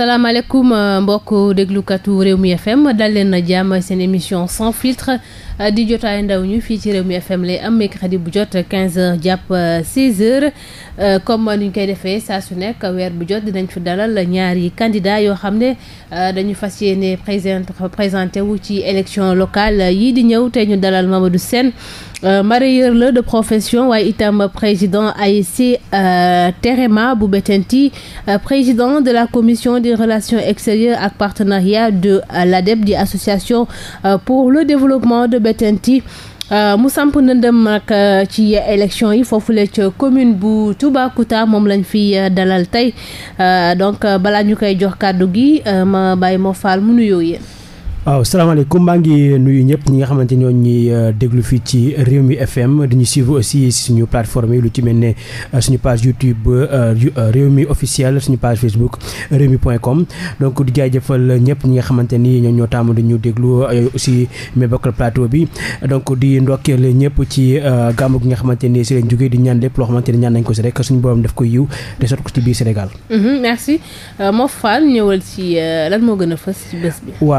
asalaamaaleykum euh, mbokk déglukatu réew mi FM dal leen na jàmm seen émission sans filtre di jotaayu ndaw ñu fii ci Rewmi FM lay am mercredi bu jot 15h jàpp 16h euh, euh, comme ni ñu koy defee saa su nekk weer bu jot dinañ fi dalal ñaari candidat yoo xam ne euh, dañu fas yéene présente présenté wu ci élection locale yii di ñëw tey ñu dalal Mamadou Sène mareyeur la de profession waaye itam président AIC Terema bu Bettenty président de la commission des relation extérieures ak partenariat de l'ADEB di association pour le développement de Bettenty euh, mu samp ndëndëm ak euh, ci élection yi foofule ca commune bu Toubacouta moom lañ fi euh, dalal tey donc balaa ñu koy jox kàddu gi ma bàyyi moo faal mu nuyoo yéen. waaw salaamaaleykum maa ngi nuyu ñëpp ñi nga xamante ñoo ñuy euh, déglu fii ci Rewmi FM di ñu suivre aussi suñu plateforme yi lu ci mel ne euh, suñu page YouTube euh, mi officiel suñu page Facebook Rewmi point com donc di jaajëfal ñëpp ñi nga xamante ni ñoo ñoo taamu di ñu déglu aussi mais bokkal plateau bi donc di ndokkeel ñëpp ci gàmmu gi nga xamante ni si lañ jógee di ñaan lépp loo xamante ni ñaan nañ ko si rek suñu borom def ko yiw te sot ko ci biir Sénégal. Mm-hmm, merci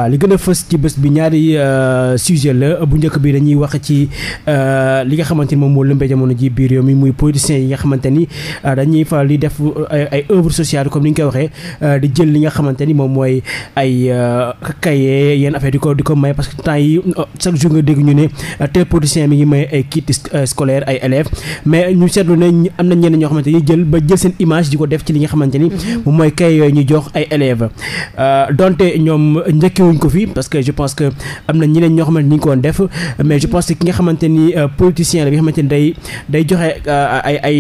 a fës ci bés bi ñaari euh, sujet la bu njëkk bi dañuy wax ci euh, li nga xamante ni moom moo lëmbee jamono ji biir réew mi muy politiciens yi nga xamante ni euh, dañuy faral di def ay œuvre comme ni ñu koy waxee di jël li nga xamante ni moom mooy ay kaye yenn affaire di ko di ko may parce que temps yi chaque jour nga dégg ñu ne mi ngi may ay kit scolaire ay élèves mais ñu seetlu ne am na ñenn ñoo xamante ni jël ba jël seen image di ko def ci li xamante ni mm-hmm. moom mooy kaye yooyu ñu jox ay élèves donte ñoom njëkkewuñ ko fi parce que je pense que am na ñeneen ñoo xamante ni ñu ko woon def mais je pense que ki nga xamante ni euh, politicien la bi nga xamante ni day day joxe euh, ay ay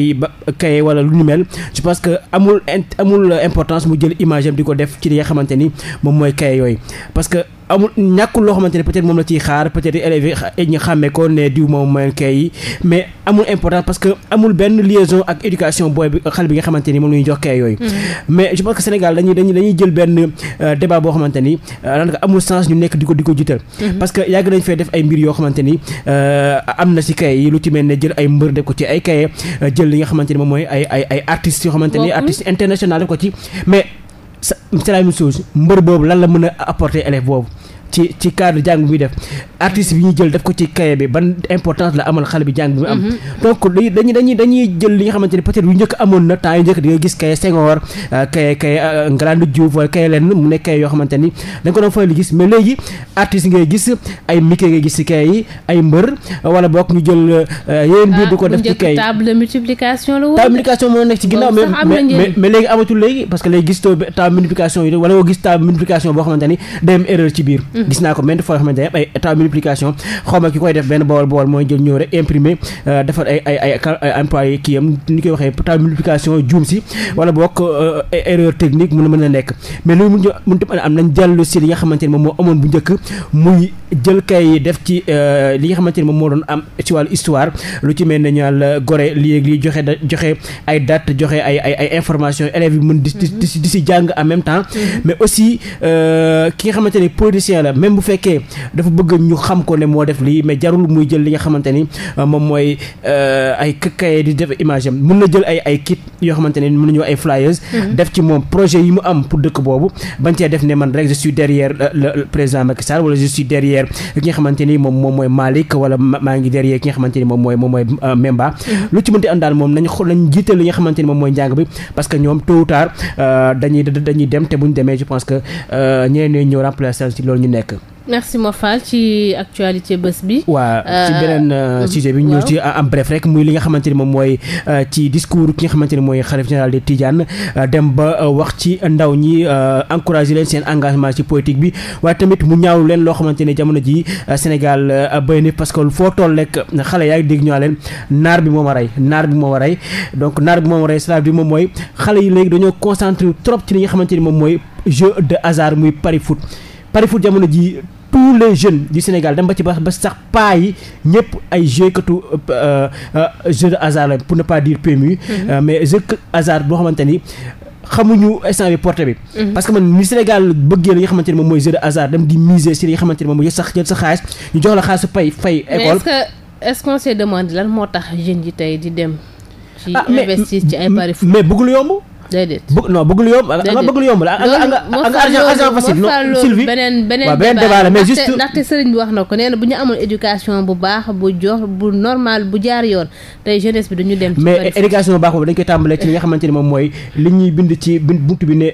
kaye wala lu ñu mel je pense que amul amul importance mu jël image am di ko def ci li nga xamante ni moom mooy kaye yooyu parce que amul ñàkkul loo xamante ne peut-être moom la ciy xaar peut-être élèves yi ñu xàmmee ko ne diw moom mooy kay mais amul importance parce que amul benn liaison ak éducation booy bi xale bi nga xamante ni moom la ñuy jox kay yooyu. Mm-hmm. mais je pense que Sénégal dañuy dañuy jël benn euh, débat boo xamante ni euh, daanaka amul sens ñu nekk di ko di ko jiital. Mm-hmm. parce que yàgg nañ fee def ay mbir yoo xamante ni euh, am na si kay yi lu ci mel ne jël ay mbër def ko ci ay kaye jël li nga xamante ni moom mooy ay ay ay artistes yoo xamante ni artistes internationaux ko c'est la même mbër boobu lan la mën a apporter élève boobu ci ci cadre jàng bi muy def artiste bi ñu jël def ko ci cahier bi ban importance la amal xale bi jàng bi mu am mm-hmm. donc dañuy dañuy dañuy jël li nga xamante ni peut-être yu njëkk amoon na temps yu njëkk di nga gis cahier Senghor euh, cahier cahier euh, Ngalandou Diouf wala cahier mu nekk yoo xamante ni dañ ko doon faral di gis mais léegi artiste ngay ay mike gis ci ay mbër wala boog ñu jël euh, yeneen biir di ko def ci cahier table ah, de multiplication la woon table de multiplication moo nekk ci gis too table boo xamante ni day am erreur ci biir mm-hmm. Mm-hmm. gis naa ko maintes fois xamante ne ay état multiplication xaw ma euh, ni koy waxee état mm-hmm. euh, a mën a nekk mais loolu mun mun tam am nañ li nga xamante ne moom moo amoon bu njëkk muy jël kay def ci euh, li moo doon am ci wàllu histoire lu ci mel ne ñaal gore léegi joxe da joxe ay date joxe ay ay ay information élèves yi mun di di si jàng en même temps mm-hmm. mais aussi ki nga xamante ni politicien la carrière euh, même bu fekkee dafa bëgg ñu xam ko ne moo def lii mais jarul muy jël li nga xamante euh, moom mooy euh, ay kaye yoo xamante mhm. moom mooy Malick wala maa ngi derrière ki nga xamante moom mooy Memba. Mhm. lu ci mënti am daal moom nañu xool li nga xamante moom mooy njàng bi parce que ñoom tôt dañuy dem te bu ñu demee je pense que ñeneen ñooy ñëw loolu ñu nekk nekk. merci Mofal ci actualité bés bi. waa ci euh, beneen euh, mm-hmm. sujet bi ñu ci en bref rek muy li nga xamante ni moom mooy euh, ci discours ki nga xamante ni mooy xalif général des Tidianes ba wax ci ndaw ñi encouragé leen seen engagement ci politique bi waaye tamit mu ñaaw leen loo xamante ni jamono ji Sénégal béy na parce que foo toll rek xale yaa ngi dégg ñu bi moom a rey bi moom a rey donc naar bi moom a rey cela bi moom mooy xale yi léegi dañoo concentré trop ci li nga xamante ni moom mooy jeu de hasard muy pari foot. pari foot jamono ji tous les jeunes du Sénégal dem ba ci ba ba sax paa yi ñëpp ay jëkkatu euh, euh, jeu de hasard la pour ne pas dire PMU. Mm-hmm. Euh, mais jeu hasard boo xamante ni xamuñu instant bi porté bi. Mm-hmm. parce que man ni Sénégal bëggee li nga xamante ni moom mooy jeu de hasard dem di miser si li xamante ni moom mooy jël sa jël sa xaalis ñu jox la xaalis su fay fay école. mais est lan moo tax jeunes yi tey di dem. ci ah, investir ci ay pari foot mais bëggul yomb. déedéet bu non bëgg lu yomb nga bëgg lu yomb la nga argent argent facile Sylvie beneen beneen débat la mais juste ndaxte sëriñ bi wax na ko nee na bu ñu amoon éducation bu baax bu jox bu normal bu jaar yoon tey jeunesse bi dañu dem ci mais éducation bu baax boobu dañ koy tàmbalee ci li nga xamante ni moom mooy li ñuy bind ci bind buntu bi ne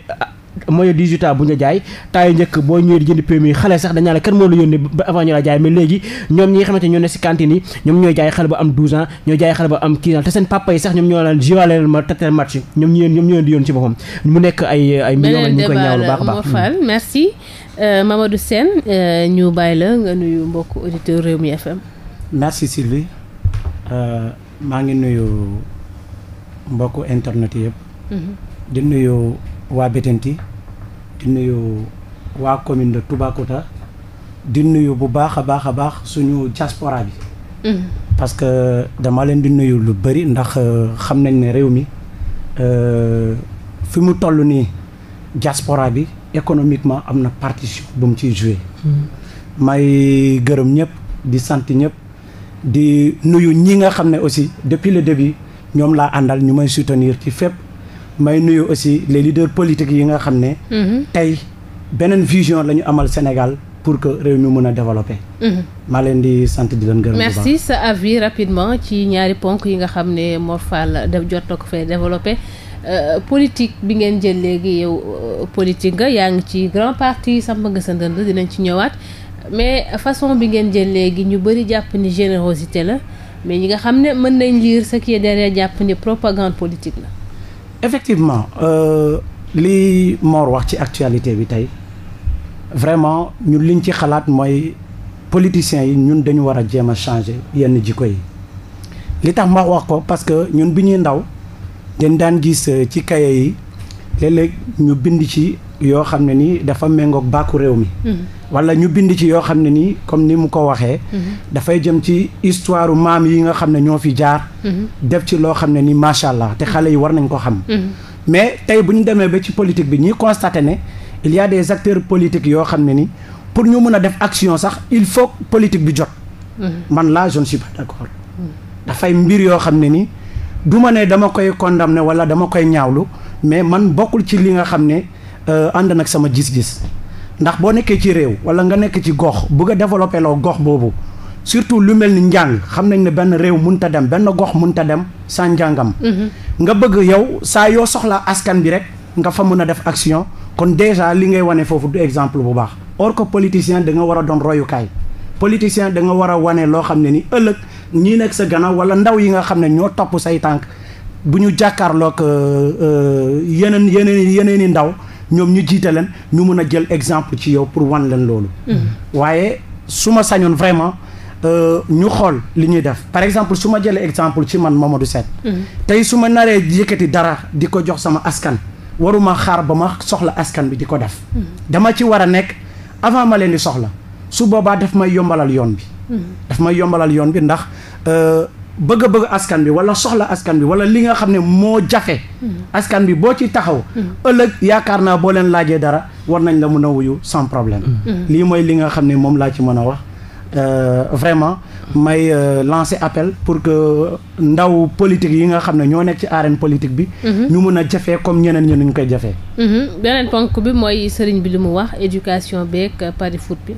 mooy 18 ans bu ñu jaay temps yu njëkk boo ñëwee di jënd permis xale sax dañaa la kenn moo la yónni ba avant ñu la jaay mais léegi ñoom ñi xamante ñoo ne si cantine yi ñoom ñooy jaay xale ba am 12 ans ñooy jaay xale ba am 15 ans te seen papa yi sax ñoom ñoo laan jiwaaleel ma tatel match ñoom ñu ñoom ñoo di yoon ci boppam mu nekk ay ay millions la ñu koy ñaawlu baax a baax merci euh, Mamadou Sène euh, ñu bàyyi la nga nuyu mbokk auditeur Rewmi FM merci Sylvie euh, maa ngi nuyu mbokk internet yëpp mm-hmm. waa Bettenty di nuyu waa commune de Toubacouta di nuyu bu baax a baax a baax suñu diaspora bi. Mm-hmm. parce que dama leen di nuyu lu bëri ndax euh, xam nañ ne réew mi euh, fi mu toll nii diaspora bi économiquement am na partition bu mu ciy joué. Mm-hmm. may gërëm ñëpp di sant ñëpp di nuyu ñi nga xam ne aussi depuis le début ñoom laa àndal ñu may soutenir ci fépp. may nuyu aussi les leaders politiques yi nga xam ne. Mhm. tey beneen vision la ñu amal Sénégal pour que réew mi mën a développer. Mhm. maa leen di sant di leen gërëm. merci sa avis rapidement ci ñaari ponk yi nga xam ne Mor Fall daf jot ko fee développer. Euh, politique bi ngeen jël léegi yow euh, politique nga yaa ci grand parti samp nga sa ndënd dinañ ci ñëwaat mais façon bi ngeen jël léegi ñu bëri jàpp ni générosité la mais ñi nga xam ne mën nañ lire ce qui est jàpp ni propagande politique la. effectivement euh, li Mor wax ci actualité bi tey vraiment ñun liñ ci xalaat mooy politiciens yi ñun dañu war a jéem a changer yenn jikko yi li tax ma wax ko parce que ñun bi ñuy ndaw dañ daan gis euh, ci kaye yi léeg-léeg ñu bind ci yoo xam ne nii dafa méngoog bàkku réew mi. Mm-hmm. wala ñu bind ci yoo xam ne nii comme ni mu ko waxee. Mhm. dafay jëm ci histoire maam yi nga xam ne ñoo fi jaar. Mhm. def ci loo xam ne nii macha allah te xale yi war nañ ko xam. Mhm. mais tey bu ñu demee ba ci politique bi ñuy constaté ne il y a des acteurs politiques yoo xam ne ni pour ñu mën a def action sax il faut politique bi jot. man la je ne d'accord. dafay mbir yoo xam ne ni du ma ne dama koy ne wala dama koy ñaawlu mais man bokkul ci li nga xam ne euh, ànd nag sama gis ndax boo nekkee ci réew wala nga nekk ci gox bugg a loo gox boobu surtout lu mel ni njàng xam nañ ne benn réew munut a dem benn gox munut a dem sans njàngam. Mhm. nga bëgg yow saa yoo soxla askan bi rek nga fa mën a def action kon déjà li ngay wane foofu du exemple bu baax. or que politicien da nga war a doon royukaay politicien danga war a wane loo xam ne ni ëllëg ñii nekk sa gannaaw wala ndaw yi nga xam ne ñoo topp say tànk bu ñu jàkkaarlook euh, euh, yeneen yeneen yeneen i ndaw. ñoom ñu jiite leen ñu mun a jël exemple ci yow pour wan leen loolu. Mm-hmm. waaye su ma sañoon vraiment euh, ñu xool li ñuy def par exemple su ma jëlee exemple ci man Mamadou Sène. Mm-hmm. tey su ma naree yëkkati dara di ko jox sama askan. waruma xaar ba ma soxla askan bi di ko def. Mm-hmm. dama ci war a nekk avant ma leen di soxla su boobaa daf may yombalal yoon bi. daf may yombalal yoon bi ndax. Euh, bëgg-bëgg askan bi wala soxla askan bi wala li nga xam ne moo jafe. askan bi boo ci taxaw. ëllëg yaakaar naa boo leen laajee dara war nañ la mën a wuyu sans problème. lii mooy li nga xam ne moom laa ci mën a wax. Euh, vraiment may euh, lancer appel pour que ndaw politique yi nga xam ne ñoo nekk ci arène politique bi. Mhm. ñu mën a jafee comme ñeneen ñi ñu koy jafee. Mhm. beneen ponk bi mooy sëriñ bi li mu wax éducation beeg pari foot bi.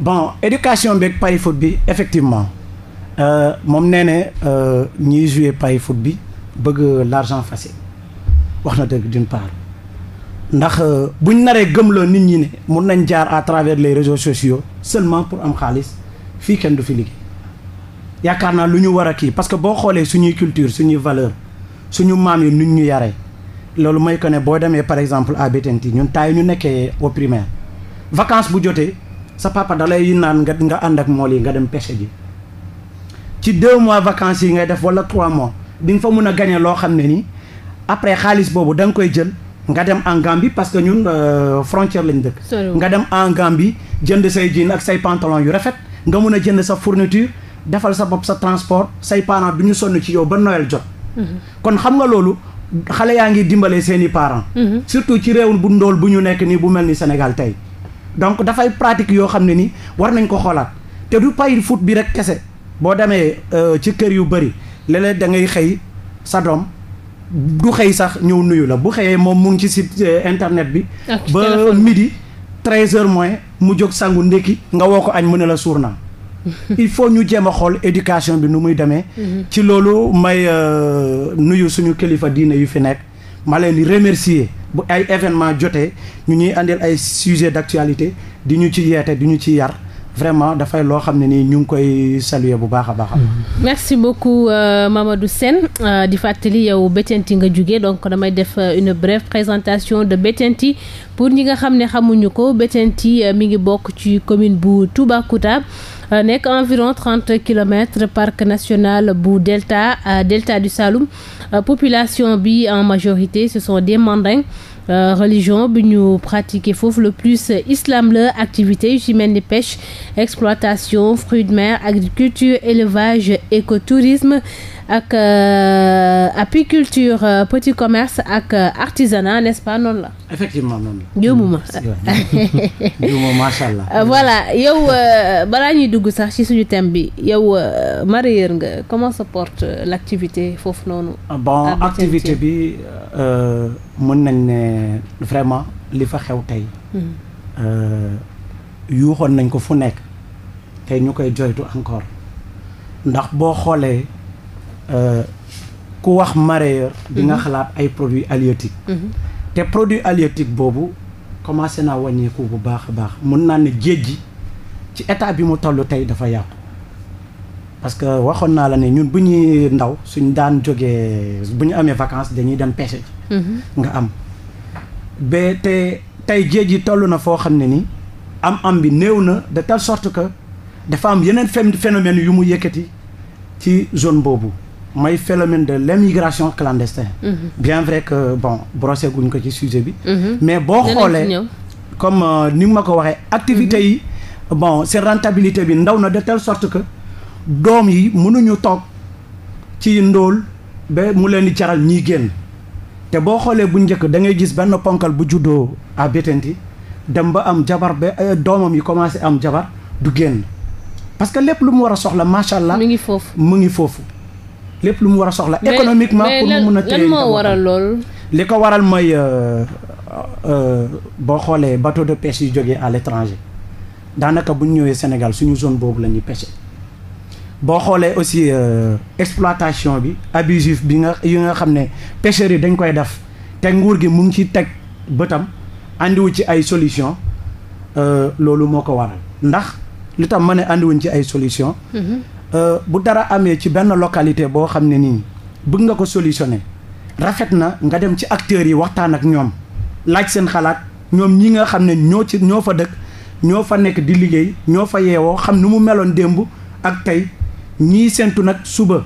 bon éducation beeg pari foot bi effectivement. Euh, moom nee ne euh, ñiy jouer pay foot bi bëgg l'argent facile wax na dëgg d'une part ndax euh, buñ naree gëmloo nit ñi ne mun nañ jaar à travers les réseaux sociaux seulement pour am xaalis fii kenn du fi liggéey yaakaar naa lu ñu war a kii parce que boo xoolee suñuy culture suñuy valeur suñu maam yi nuñ ñu yaree loolu mooy que ne boo demee par exemple à Bettenty ñun yi ñu nekkee au primaire vacance bu jotee sa papa da yi naan nga nga ànd ak mool yi nga dem pêche ji ci deux mois vacances yi ngay def wala trois mois bi nga fa mën a gagné loo xam ne nii après xaalis boobu da nga koy jël nga dem en Gambie parce que ñun euh, frontière lañ dëkk. nga dem en Gambie jënd say jean ak say pantalon yu rafet nga mun a jënd sa fourniture defal sa bopp sa transport say parents du ñu sonn ci yow ba Noël jot. Mhm. kon xam nga loolu xale yaa ngi dimbale seen i parents. Mhm. surtout ci réew bu ndool bu ñu nekk nii bu mel ni Sénégal tey donc dafay pratique yoo xam ne ni war nañ ko xoolaat rek kese. boo demee euh, ci kër yu bëri léeg-léeg da ngay xëy sa doom du xëy sax ñëw nuyu la bu xëyee moom mu ngi ci site euh, internet bi. Ah, ba midi 13h moins mu jóg sangu ndékki nga woo ko añ mu ne la suur naa il faut ñu jéem a xool éducation bi nu muy demee. Mhm. ci loolu may euh, nuyu suñu kilifa diine yu fi nekk. ma leen di remercier bu ay événement jotee ñu ñuy andil ay sujet d' actualité di ñu ci yeete di ñu ci yar. vraiment dafay loo xam ne nii ñu ngi koy saluer bu baax a baax. merci beaucoup euh, Mamadou Sène euh, di fàttali yow Bettenty nga jóge donc damay def euh, une brève présentation de Bettenty pour ñi nga xam ne xamuñu ko Bettenty euh, mi ngi bokk ci commune bu Toubacouta euh, nekk environ trente kilomètres parc national bu delta delta du Saloum population bi en majorité ce sont des Euh, religion bi ñu pratiquer foofu le plus islam la activité yu ci mel ni pêche exploitation fruits de mer agriculture élevage écotourisme ak euh, apiculture euh, petit commerce ak euh, artisanat n'est-ce pas noonu la. effectivement noonu la. juumuma. juumuma macha voilà yow balaa ñuy dugg sax ci suñu thème bi yow mareyeur nga comment se porte l'activité foofu noonu. Ah, bon ah, activité bi mën nañ ne vraiment li fa xew tey. Hmm. yuuxoon nañ ko fu nekk te ñu koy joytu encore ndax boo xoolee. ku wax mareyeur di nga xalaat ay produits halieutiques mhm. te produit halieutique boobu commencé naa wàññeeku bu baax a baax mën naa ne géej gi ci état bi mu toll tey dafa yàqu parce que waxoon naa la ne ñun bu ñuy ndaw suñ daan jógee bu ñu amee vacances dañuy dem pêche mhm. nga am ba te tey géej gi toll na foo xam ne ni am am bi néew na de telle sorte que dafa am yeneen phénomène yu mu yëkkati ci zone boobu may phénomène de l'émigration clandestine. Mhm. bien vrai que bon brossé guñ ko ci sujet bi. Mhm. mais boo xoolee comme euh, ni ma ko waxee activités mhm. yi bon seen rentabilité bi ndaw na de telle sorte que doom yi mënuñu toog ci ndóol ba mu leen di jaral ñiy génn te boo xoolee bu njëkk da ngay gis benn ponkal bu juddoo à Bettenty dem ba am jabar ba euh, doomam yi commencé am jabar du génn parce que lépp lu mu war a soxla macha allah. mu ngi foofu mu ngi foofu. lépp lu mu war a soxla économiquement pour mu mun a téye lan moo waral loolu li ko waral mooy euh, euh, boo xoolee bateau de pêche yu jógee à l'étranger daanaka bu ñu ñëwee Sénégal suñu zone boobu la ñuy pêche boo xoolee aussi euh, exploitation bi abusif bi nga yi nga xam ne pêcheurs yi dañ koy def te nguur gi mu ngi ci teg bëtam andiwu ci ay solution loolu moo ko waral ndax li tax ma ne andiwuñ ci ay solution mm-hmm. Euh, bu dara amee ci benn localité boo xam ne nii bëgg nga ko solutionner rafet na nga dem ci acteurs yi waxtaan ak ñoom laaj seen xalaat ñoom ñi nga xam ne ñoo ci ñoo fa dëkk ñoo fa nekk di liggéey ñoo fa yeewoo xam ni mu meloon démb ak tey ñii séntu nag suba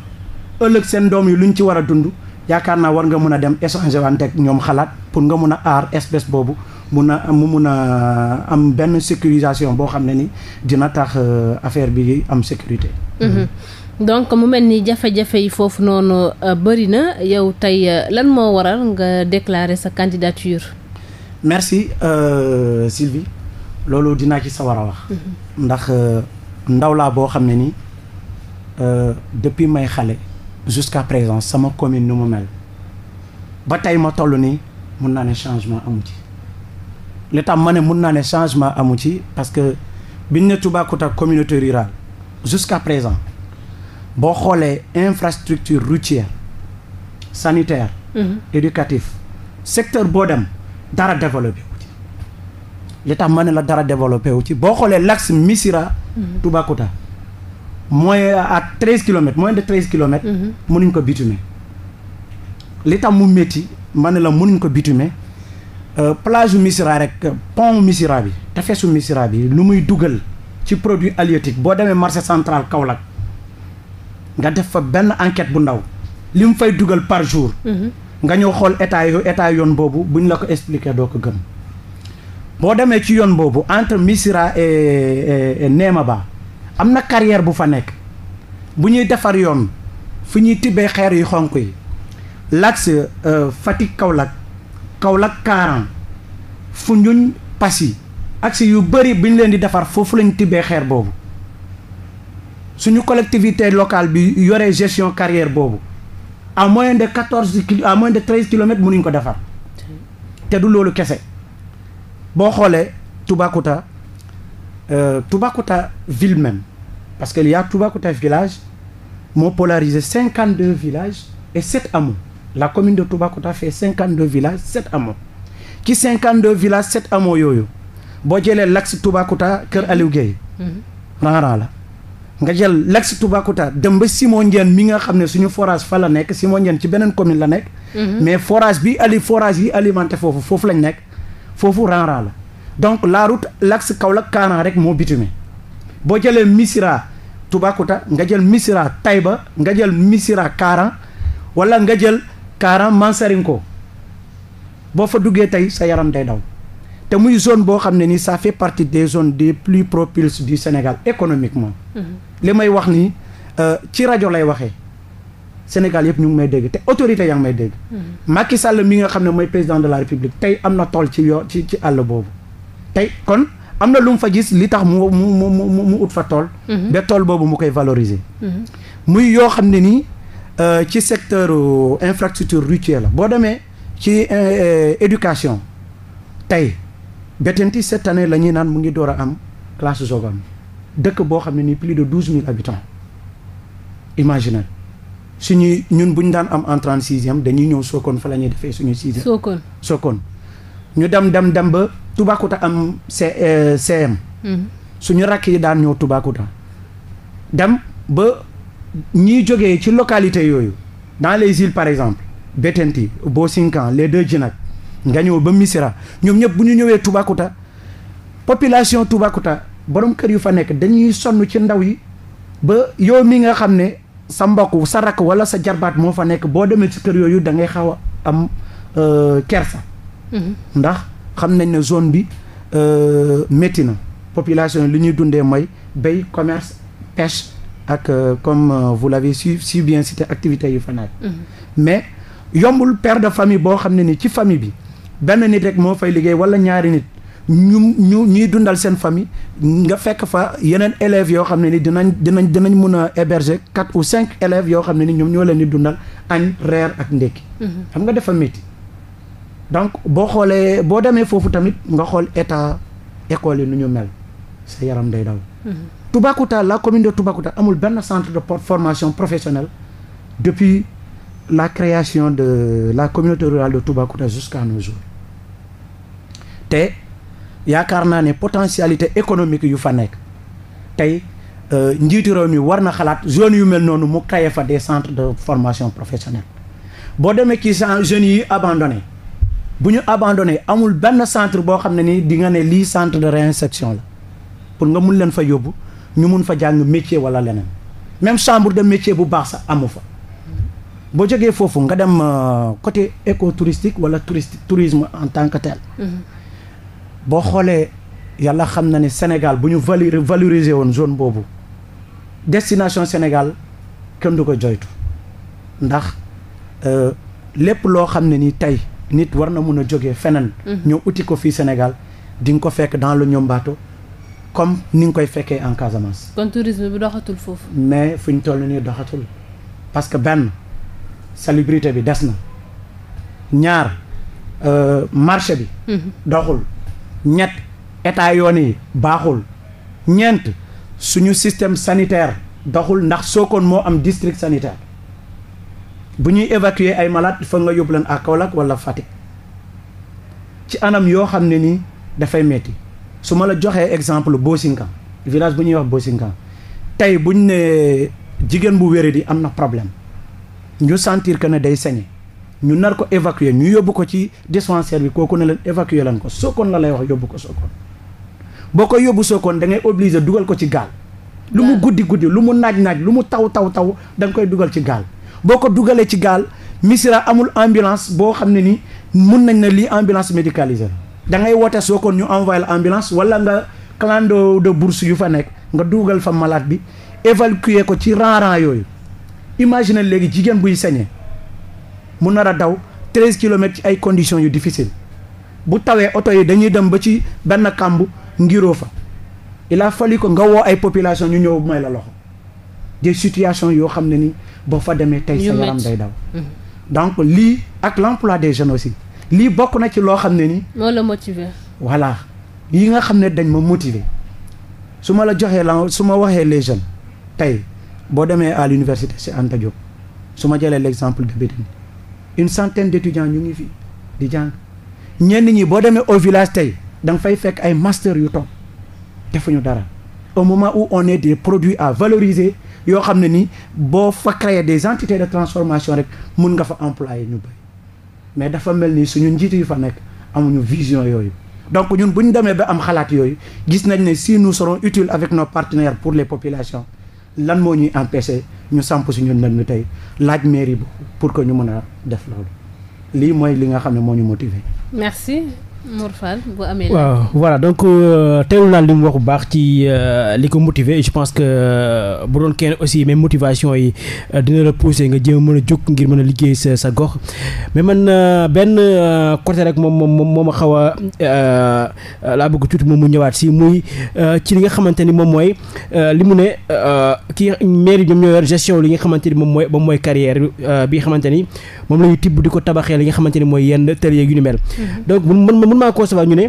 ëllëg seen doom yi luñ ci war a dund yaakaar naa war nga mën a dem échanger wante ak ñoom xalaat pour nga mën a aar espèce boobu mun na mu mun a am benn sécurisation boo xam ne ni dina tax euh, affaire bi am sécurité. Mhm. donc mu mel ni jafe-jafe yi foofu noonu euh, bëri na yow tey euh, lan moo waral nga déclarer sa candidature. merci euh, Sylvie loolu dinaa ci sa war a wax. Mhm. ndax ndawlaa boo xam ne ni depuis may xale. jusqu'à présent sama commune ni mu mel ba tey ma toll nii mun naa ne changement amu ci. li tax ma ne mun naa ne changement amu ci parce que biñ ne Toubacouta communauté rurale jusqu'à présent boo xoolee infrastructure routière sanitaire mhm. éducatif secteur boo dem dara développé wu ci li tax ma ne la dara développé wu ci boo xoolee l'axe Missirah mhm. Toubacouta mooy à treize kilomètres moins de treize kilomètres mhm. mënuñ ko bitumer li tax mu métti ma ne la mënuñ ko bitumer Euh, plage u Missirah rek pont Missirah bi tefesu Missirah bi lu muy dugal ci produit halieutique boo demee marché central Kaolack nga def fa benn enquête bu ndaw li mu fay dugal par jour mhm. nga ñëw xool état yu état yoon boobu bu ñu la ko expliquer doo ko gëm boo demee ci yoon boobu entre Missirah e et Némaba am na carrière bu fa nekk bu ñuy defar yoon fu ñuy tibbee xeer yu xonq yi l'axe euh, Fatick Kaolack Kaolack Karang Foundiougne Passy accès yu bëri bi ñu leen di defar foofu lañ tibbee xeer boobu suñu collectivité locale bi yore gestion carrière boobu à moins de quatorze kil à moins de treize kilomètres mënuñ ko defar te du loolu kese boo xoolee Toubacouta euh, Toubacouta ville même parce que il Toubacouta village moo polarisé cinquante deux villages et sept hameaux la commune de Toubacouta fait 52 villages 7 hameaux ci 52 villages 7 hameaux yooyu boo jëlee l'axe Toubacouta Kër Aliou Guèye. Mhm. rang-rang la nga jël l'axe Toubacouta dëmb ba Simondiène mi nga xam ne suñu forage fa la nekk Simondiène ci beneen commune la nekk. Mhm. mais forage bi ali forage yi alimenté foofu foofu lañ nekk foofu rang-rang la donc la route l'axe Kaolack Karang rek moo bitumé boo jëlee Missirah Toubacouta nga jël Missirah Taïba nga jël Missirah Karang wala nga jël. Kaaràn Mansarinko boo fa duggee tey sa yaram day daw te muy zone boo xam ne nii ça fait parti des zone des plus propulses du Sénégal moom mm-hmm. li may wax ni euh, ci rajo lay waxee Sénégal yëpp ñu ngi may dégg te autorité yaa ngi may dégg. Mm-hmm. Macky Sall mi nga xam ne mooy président de la République tey am na tool ci yoo ci ci àll boobu tey kon. am na lu mu fa gis li tax mu mu mu mu ut fa tool. Mm-hmm. ba tool boobu mu koy valoriser. muy yoo xam ne nii Euh, ci secteur infrastructure routière la boo demee ci euh, éducation tey Bettenty cette année la ñuy naan mu ngi door a am classe seconde dëkk boo xam ne nii plus de douze mille habitants imaginaire suñuy ñun bu ñu daan am en trente dañuy ñëw Sokone fa la ñuy defee suñu sixième. Sokone Sokone ñu dem dem dem ba Toubacouta am C euh, CM. Mm-hmm. suñu rakk yi daan ñëw Toubacouta dem ba. ñiy jógee ci localité yooyu dans les îles par exemple boo Bosinkan les deux Djinak nga ñëw ba Missirah ñoom ñëpp bu ñu ñëwee Toubacouta population Toubacouta borom kër yu fa nekk dañuy sonn ci ndaw yi ba yow mi nga xam ne sa mbokk sa rakk wala sa jarbaat moo fa nekk boo demee ci kër yooyu da ngay xaw a am euh, kersa. Mhm. ndax xam nañ ne zone bi euh, métti na population li ñuy dundee mooy béy commerce pêche. ak euh, comme euh, vous l'avez su si bien cité activités yu fa nekk mhm. mais yombul père de famille boo xam ne nii ci famille bi benn nit rek moo fay liggéey wala ñaari nit ñu ñu ñuy dundal seen famille nga fekk fa yeneen élèves yoo xam ne ni dinañ dinañ dinañ mun a héberger quatre ou cinq élèves yoo xam ne ni ñoom ñoo leen di dundal añ reer ak ndékki mhm. xam nga dafa métti donc boo xoolee boo demee foofu tamit nga xool état école yi nu ñu mel sa yaram day daw mhm. Toubacouta la commune de Toubacouta amul benn centre de formation professionnelle depuis la création de la communauté rural de Toubacouta jusqu'à nos jours te yaakaar naa ne potentialité économique yu fa nekk tey euh, njiitu réew mi war na xalaat zone yu mel noonu mu créer fa des centre de formation professionnelle boo demee kii ci jeunes yi abandonné bu ñu abandonné amul benn centre boo xam ne nii di nga ne lii centre de réinsertion la pour nga mun leen fa yóbbu ñu mun fa jàng métier wala leneen même chambre de métier bu baax sax amu fa boo jógee foofu nga dem euh, côté éco touristique wala touriste tourisme en tant que mhm. boo xoolee yàlla xam na ne Sénégal bu ñu valori valoriser woon zone boobu destination Sénégal kenn du ko joytu ndax euh, lépp loo xam ne nii tey nit war na mun a jógee feneen mhm. ñoo uti ko fii Sénégal di nga ko fekk dans le ñombaato comme ni nga koy fekkee en Casamance. kon tourisme bi doxatul foofu. mais fu ñu toll nii doxatul parce que benn salubrité bi des na ñaar euh, marché bi. Mhm. doxul ñett état yoon yi baaxul ñeent suñu système sanitaire doxul ndax Sokone moo am district sanitaire bu ñuy évacuer ay malade fa nga yóbbu leen à Kaolack wala Fatick ci anam yoo xam ne nii dafay metti su ma la joxee exemple Bosinkan village bu ñuy wax Bosinkan tey buñ nee jigéen bu wéré di am na problème ñu sentir que ne day sañe ñu nar ko évacuer ñu yóbbu ko ci dispensaire bi kooku ne leen évacuer lan ko Sokone la lay wax yóbbu ko Sokone boo ko yóbbu Sokone da ngay obligé dugal ko ci gaal lu mu guddi guddi lu mu naaj naaj lu mu taw taw taw da nga koy dugal ci gaal boo ko dugalee ci gaal Missirah amul ambulance boo xam ne ni mun nañ ne lii ambulance médicalisée la da ngay woote soo kon ñu envoyé la ambulance wala nga clando de bourse yu fa nekk nga dugal fa malaat bi évacuer ko ci rang-rang yooyu imagine léegi jigéen buy sañee mu nar a daw treize kilomètres ci ay conditions yu difficile bu tawee oto yi dañuy dem ba ci benn kàmb ngiroo fa il a fallu nga woo ay population ñu ñëw may la loxo des situations yoo xam ne ni boo fa demee tey sa yaram day daw mm-hmm. donc lii ak l'emploi des jeunes aussi lii bokk na ci loo xam ne ni. moo la motiver. voilà yi nga xam ne dañ ma motiver su ma la joxee la su ma waxee les jeunes tey boo demee à l'université Cheikh Anta Diop su ma jëlee l'exemple de Bédine une centaine d'étudiants ñu ngi fi di jàng ñenn ñi boo demee au village tey danga fay fekk ay master yu toog defuñu dara au moment où on est des produits à valoriser yoo xam ne ni boo fa créer des entités de transformation rek mun nga fa employer ñu bëri. mais dafa mel ni suñu njiit yu fa nekk amuñu vision yooyu donc ñun bu ñu demee ba am xalaat yooyu gis nañ ne si nous serons utiles avec nos partenaires pour les populations lan moo ñuy empêché ñu samp si suñu ndënd tey laaj mairie bu pour que ñu mën a def loolu lii mooy li nga xam ne moo ñu motiver. Mor Fall bu amee. waaw voilà donc euh, teewul naa li mu wax bu baax ci euh, li ko motiver je pense que euh, bu doon kenn aussi mais motivation yi dina la pousser nga jéem a mën a jóg ngir mën a liggéey sa sa gox mais man benn côté rek moom moom moo ma xaw a laa bëgg tuuti moom mu ñëwaat si muy ci li nga xamante ni moom mooy li mu ne kii maire yi ñoom ñoo yor gestion li nga xamante ni moom mooy moom mooy carrière bi nga ni moom la ñu tibb di ko tabaxee li nga xamante ni mooy yenn tël yeeg yu ni mel mm-hmm. mun maa concevoir ñu ne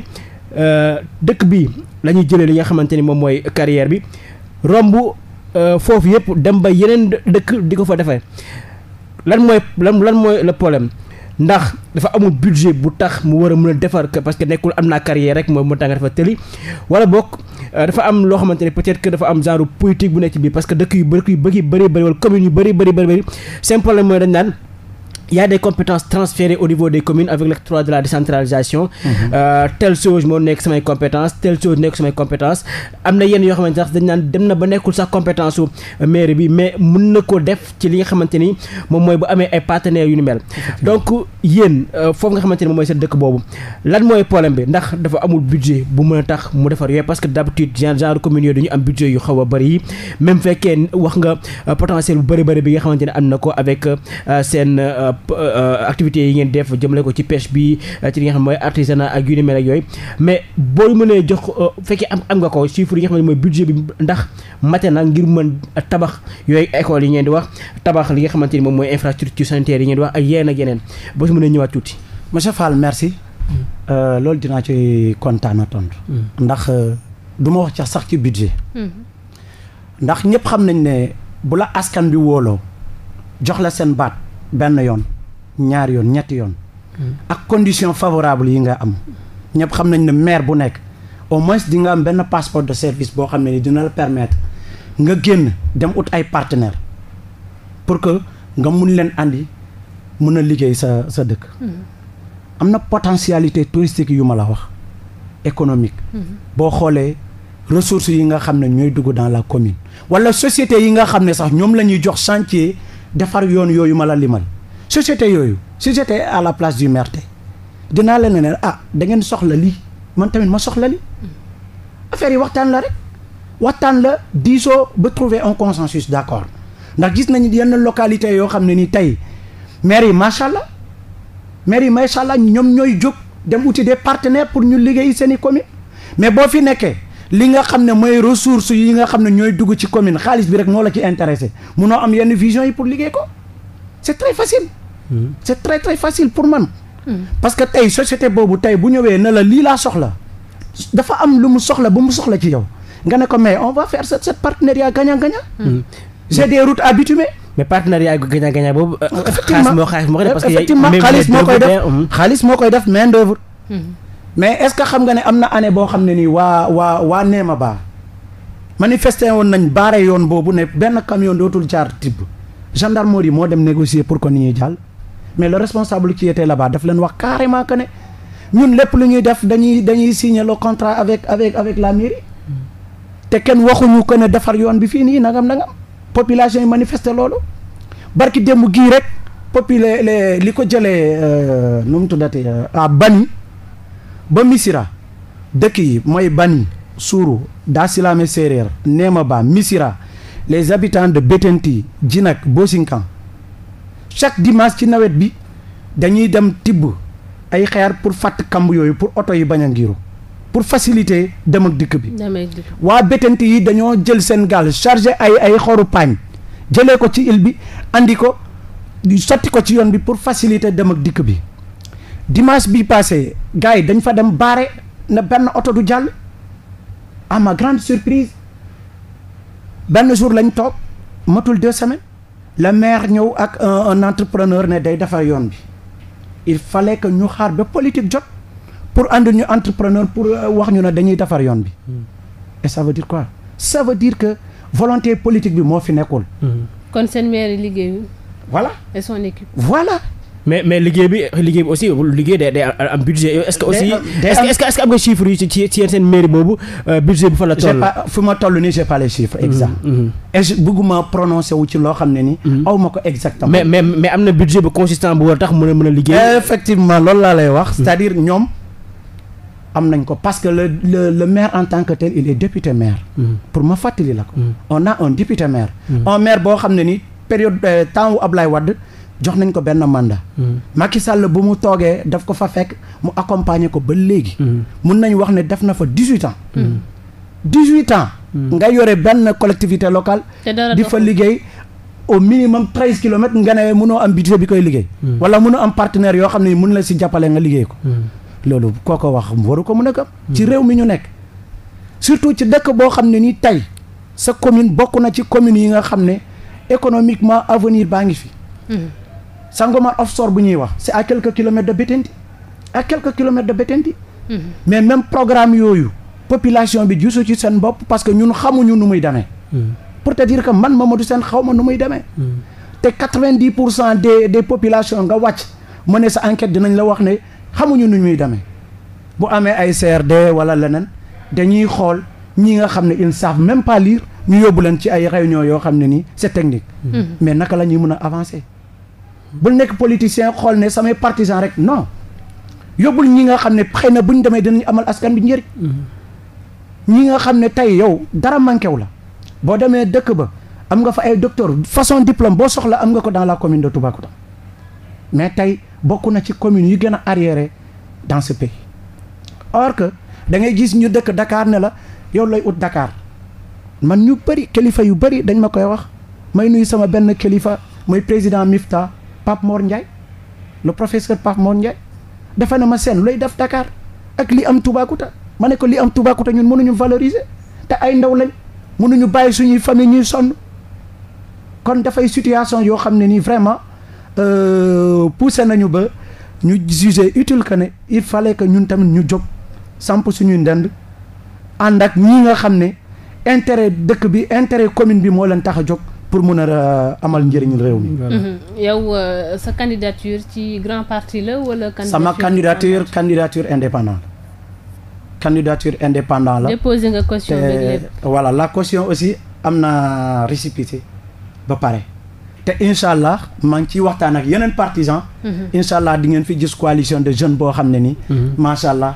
euh, dëkk bi la ñuy jëlee li nga xamante ni moom mooy carrière bi romb euh, foofu yëpp dem ba yeneen dëkk di ko fa defee lan mooy lan lan mooy le problème ndax dafa amul budget bu tax mu war a mën a defar parce que nekkul am naa carrière rek mooy moo tax nga dafa tëli wala bokk euh, dafa am loo xamante ne peut-être que dafa am genre politique bu nekk ci biir parce que dëkk yu bëri yu bëri bëri wala commune yu bëri bëri bëri seen problème mooy dañ naan. il y a des compétences transférées au niveau des communes avec l'acte 3 de la décentralisation. Mhm. Euh, telle chose moo nekk samay compétence tel chose nekk samay compétence am na yenn yoo xamante sax dañ naan dem na ba nekkul sax compétence su euh, bi mais mun na ko def ci li nga xamante ni moom mooy bu amee ay partenaires yu ni mel. donc yéen euh, foofu nga xamante ni mooy seen dëkk boobu lan mooy problème bi ndax dafa amul budget bu mën a tax mu defar yooyu parce que d'habitude genre genre communes yooyu am budget yu xaw a bëri yi même fekkee wax nga potentiel bu bëri bëri bi nga xamante ne am na ko avec seen. Euh, euh, activités yi ngeen def jëmale ko ci pêche bi euh, ci li nga xam mooy artisanat ak yu ni mel ak yooyu mais boo mënee jox fekkee am am nga ko chiffre yi nga mooy budget bi ndax mate na ngir mën tabax yooyu école yi ngeen di wax tabax li nga xamante ni moom mooy infrastructure sanitaire yi ngeen di wax ak yeneen ak yeneen boo si mënee ñëwaat tuuti. monsieur Fall merci. Hmm. loolu dinaa ci kontaan na tontu. Hmm. ndax du ma wax ca sax ci budget. Hmm. ndax ñëpp xam nañ ne bu la askan bi wóoloo jox la seen baat. benn yoon ñaar yoon ñetti yoon. Hmm. ak condition favorable yi nga am. ñëpp xam nañ ne maire bu nekk au moins di nga am benn passeport de service boo xam ne ni dina la permettre nga génn dem ut ay partenaires pour que nga mun leen andi mun a liggéey sa sa dëkk. Hmm. am na potentialité touristique yu ma la wax économique. Hmm. boo xoolee ressources yi nga xam ne ñooy dugg dans la commune wala société yi nga xam ne sax ñoom la ñuy jox chantier. defar yoon yooyu ma la limal société yooyu si j'étais à la place du maire dinaa leen ne ah da ngeen soxla lii man tamit ma soxla lii affaire yi waxtaan la rek waxtaan la diisoo ba trouver un consensus d'accord ndax gis nañu yenn localité yoo xam ne ni tey maire yi macha allah maire yi macha allah ñoom ñooy jóg dem uti des partenaires pour ñu liggéey seen i commune mais boo fi nekkee. li nga xam ne mooy ressource yi nga xam ne ñooy dugg ci commune xaalis bi rek moo la ci intéressé munoo am yenn vision yi pour liggéey ko c' est très facile. Hmm. c' est très très facile pour man. Hmm. parce que tey société boobu tey bu ñëwee ne la lii laa soxla dafa am lu mu soxla bu mu soxla ci yow nga ne ko mais on va faire cette cette partenariat gagnant-gagnant. Hmm. j' ai des routes à bitumer. mais partenariat gagnant-gagnant boobu. Euh, effectivement xaalis moo koy def parce que xaalis moo koy def main d' oeuvre. mais est-ce que xam nga ne am na année boo xam ne nii waa waa waa Néema Ba manifesté woon nañ baare yoon boobu ne benn camion dootul jaar tibb gendarmerie moo dem négocier pour que ni ñuy jàll mais le responsable qui était là-bas daf leen wax carrément que ne ñun lépp lu ñuy def dañuy dañuy signer le contrat avec avec avec la mairie te kenn waxuñu que ne defar yoon bi fii nii nangam nangam population yi manifester loolu barki démb gii rek populaire li ko jëlee euh, nu mu tuddati euh, à Bani ba misira dëkk yi mooy bani suuru daa silaame séeréer neema ba misira les habitants de Betenti Jinak Bosinkan chaque dimanche ci nawet bi dañuy dem tibb ay xeer pour fàtt kamb yooyu pour oto yi bañ a ngiru pour faciliter dem ak dikk bi waa Betenti yi dañoo jël seen gaal chargé ay ay xoru paañ jëlee ko ci île bi indi ko sotti ko ci yoon bi pour faciliter dem ak dikk bi dimanche bi passé gars yi dañ fa dem baare na benn oto du jàll à ma grande surprise benn jour lañ toog matul deux semaines le maire ñëw ak un entrepreneur ne day defar yoon bi il fa que ñu xaar ba politique jot pour ànd ñu entrepreneur pour euh, wax ñu ne dañuy defar yoon bi hmm. et ça veut dire quoi ça veut dire que volonté politique bi moo fi nekkul. Hmm. kon seen maire liggéeyul. voilà voilà mais mais liggéey bi liggéey bi aussi liggéey day day am budget yooyu est-ce que aussi est-ce que am nga chiffres yi ci ci seen mairie boobu euh, budget bi la toll fu ma toll nii j'ai mhm, mhm. prononcé wu ci loo xam ne ni mhm. aw ma ko exactement mais mais mais am na budget bu consistant bu war tax mën a mën a liggéey effectivement laa lay wax c'est-à-dire ñoom am nañ ko parce que le le le maire en tant que tel il est député maire pour ma fàttali la ko on a un député maire un maire boo xam ne ni période euh, temps wu Ablaye jox nañ ko benn mandat. Mm. Macky Sall bu mu toogee daf ko fa fekk mu accompagner ko ba léegi. Mm. mun nañ wax ne def na fa dix huit ans. Mm. dix huit ans. nga yore benn collectivité locale. di fa liggéey au minimum treize kilomètres nga ne mënoo am budget bi koy liggéey. wala mënoo am partenaire yoo xam ne mun la si jàppale nga liggéey ko. loolu koo ko wax waru ko mën a gëm. ci réew mi ñu nekk. surtout ci dëkk boo xam ne ni tey sa commune bokk na ci communes yi nga xam ne économiquement avenir baa ngi fi. Sangomar offshore bu ñuy wax c'est à quelques kilomètres de Bettenty à quelques kilomètres de Bettenty mm-hmm. mais même programme yooyu population bi gisu ci seen bopp parce que ñun xamuñu nu muy demee mm. pour te dire que man Mamadou Sène xaw ma nu muy demee mm. te quatre vingt pour cent des des populations nga wàcc mu sa enquête dinañ la wax ne xamuñu nu ñuy demee bu amee ay de wala leneen dañuy xool ñi nga xam ne ils ne savent même pas ñu yóbbu leen ci ay réunion yoo xam ne nii c'est technique mm-hmm. mais naka la ñuy mën a avancer bul nekk politicien xool ne samay partisan rek non yóbbul ñi nga xam ne xëy na bu ñu demee dinañ amal askan bi njëriñ mm-hmm. ñi nga xam ne tey yow dara manqué wu la boo demee dëkk ba am nga fa ay docteur façon diplôme boo soxla am nga ko dans la commune de Toubacouta mais tey bokk na ci commune yu gën a arriéré dans ce pays or da ngay gis ñu dëkk Dakar ne la yow looy ut dakaar man ñu bëri kilifa yu bëri dañ ma koy wax may nuyu sama benn kilifa muy président Mifta Pape Mor Ndiaye le professeur Pape Mor Ndiaye dafa ne ma seen looy def Dakar ak li am Toubacouta ma ne ko li am Toubacouta ñun mënuñu valoriser te ay ndaw lañ mënuñu bàyyi suñuy famille ñuy sonn kon dafay situation yoo xam ne nii vraiment euh, poussé nañu ba ñu jugé utile que ne il fallait que ñun tamit ñu jóg samp suñuy ndend ànd ak ñii nga xam ne intérêt dëkk bi intérêt commune bi moo leen tax a jóg pour mun a euh, amal njëriñu réew mi. Mhm. yow euh, sa candidature ci grand parti la wala. sama candidature candidature indépendant la. candidature indépendant la. déposé nga caution bi lépp euh, voilà la caution aussi am na récépissé ba pare. te incha allah maa ngi ciy waxtaan ak yeneen partisans. Mhm. incha allah di fi gis coalition de jeune boo xam ne nii. macha mhm. allah.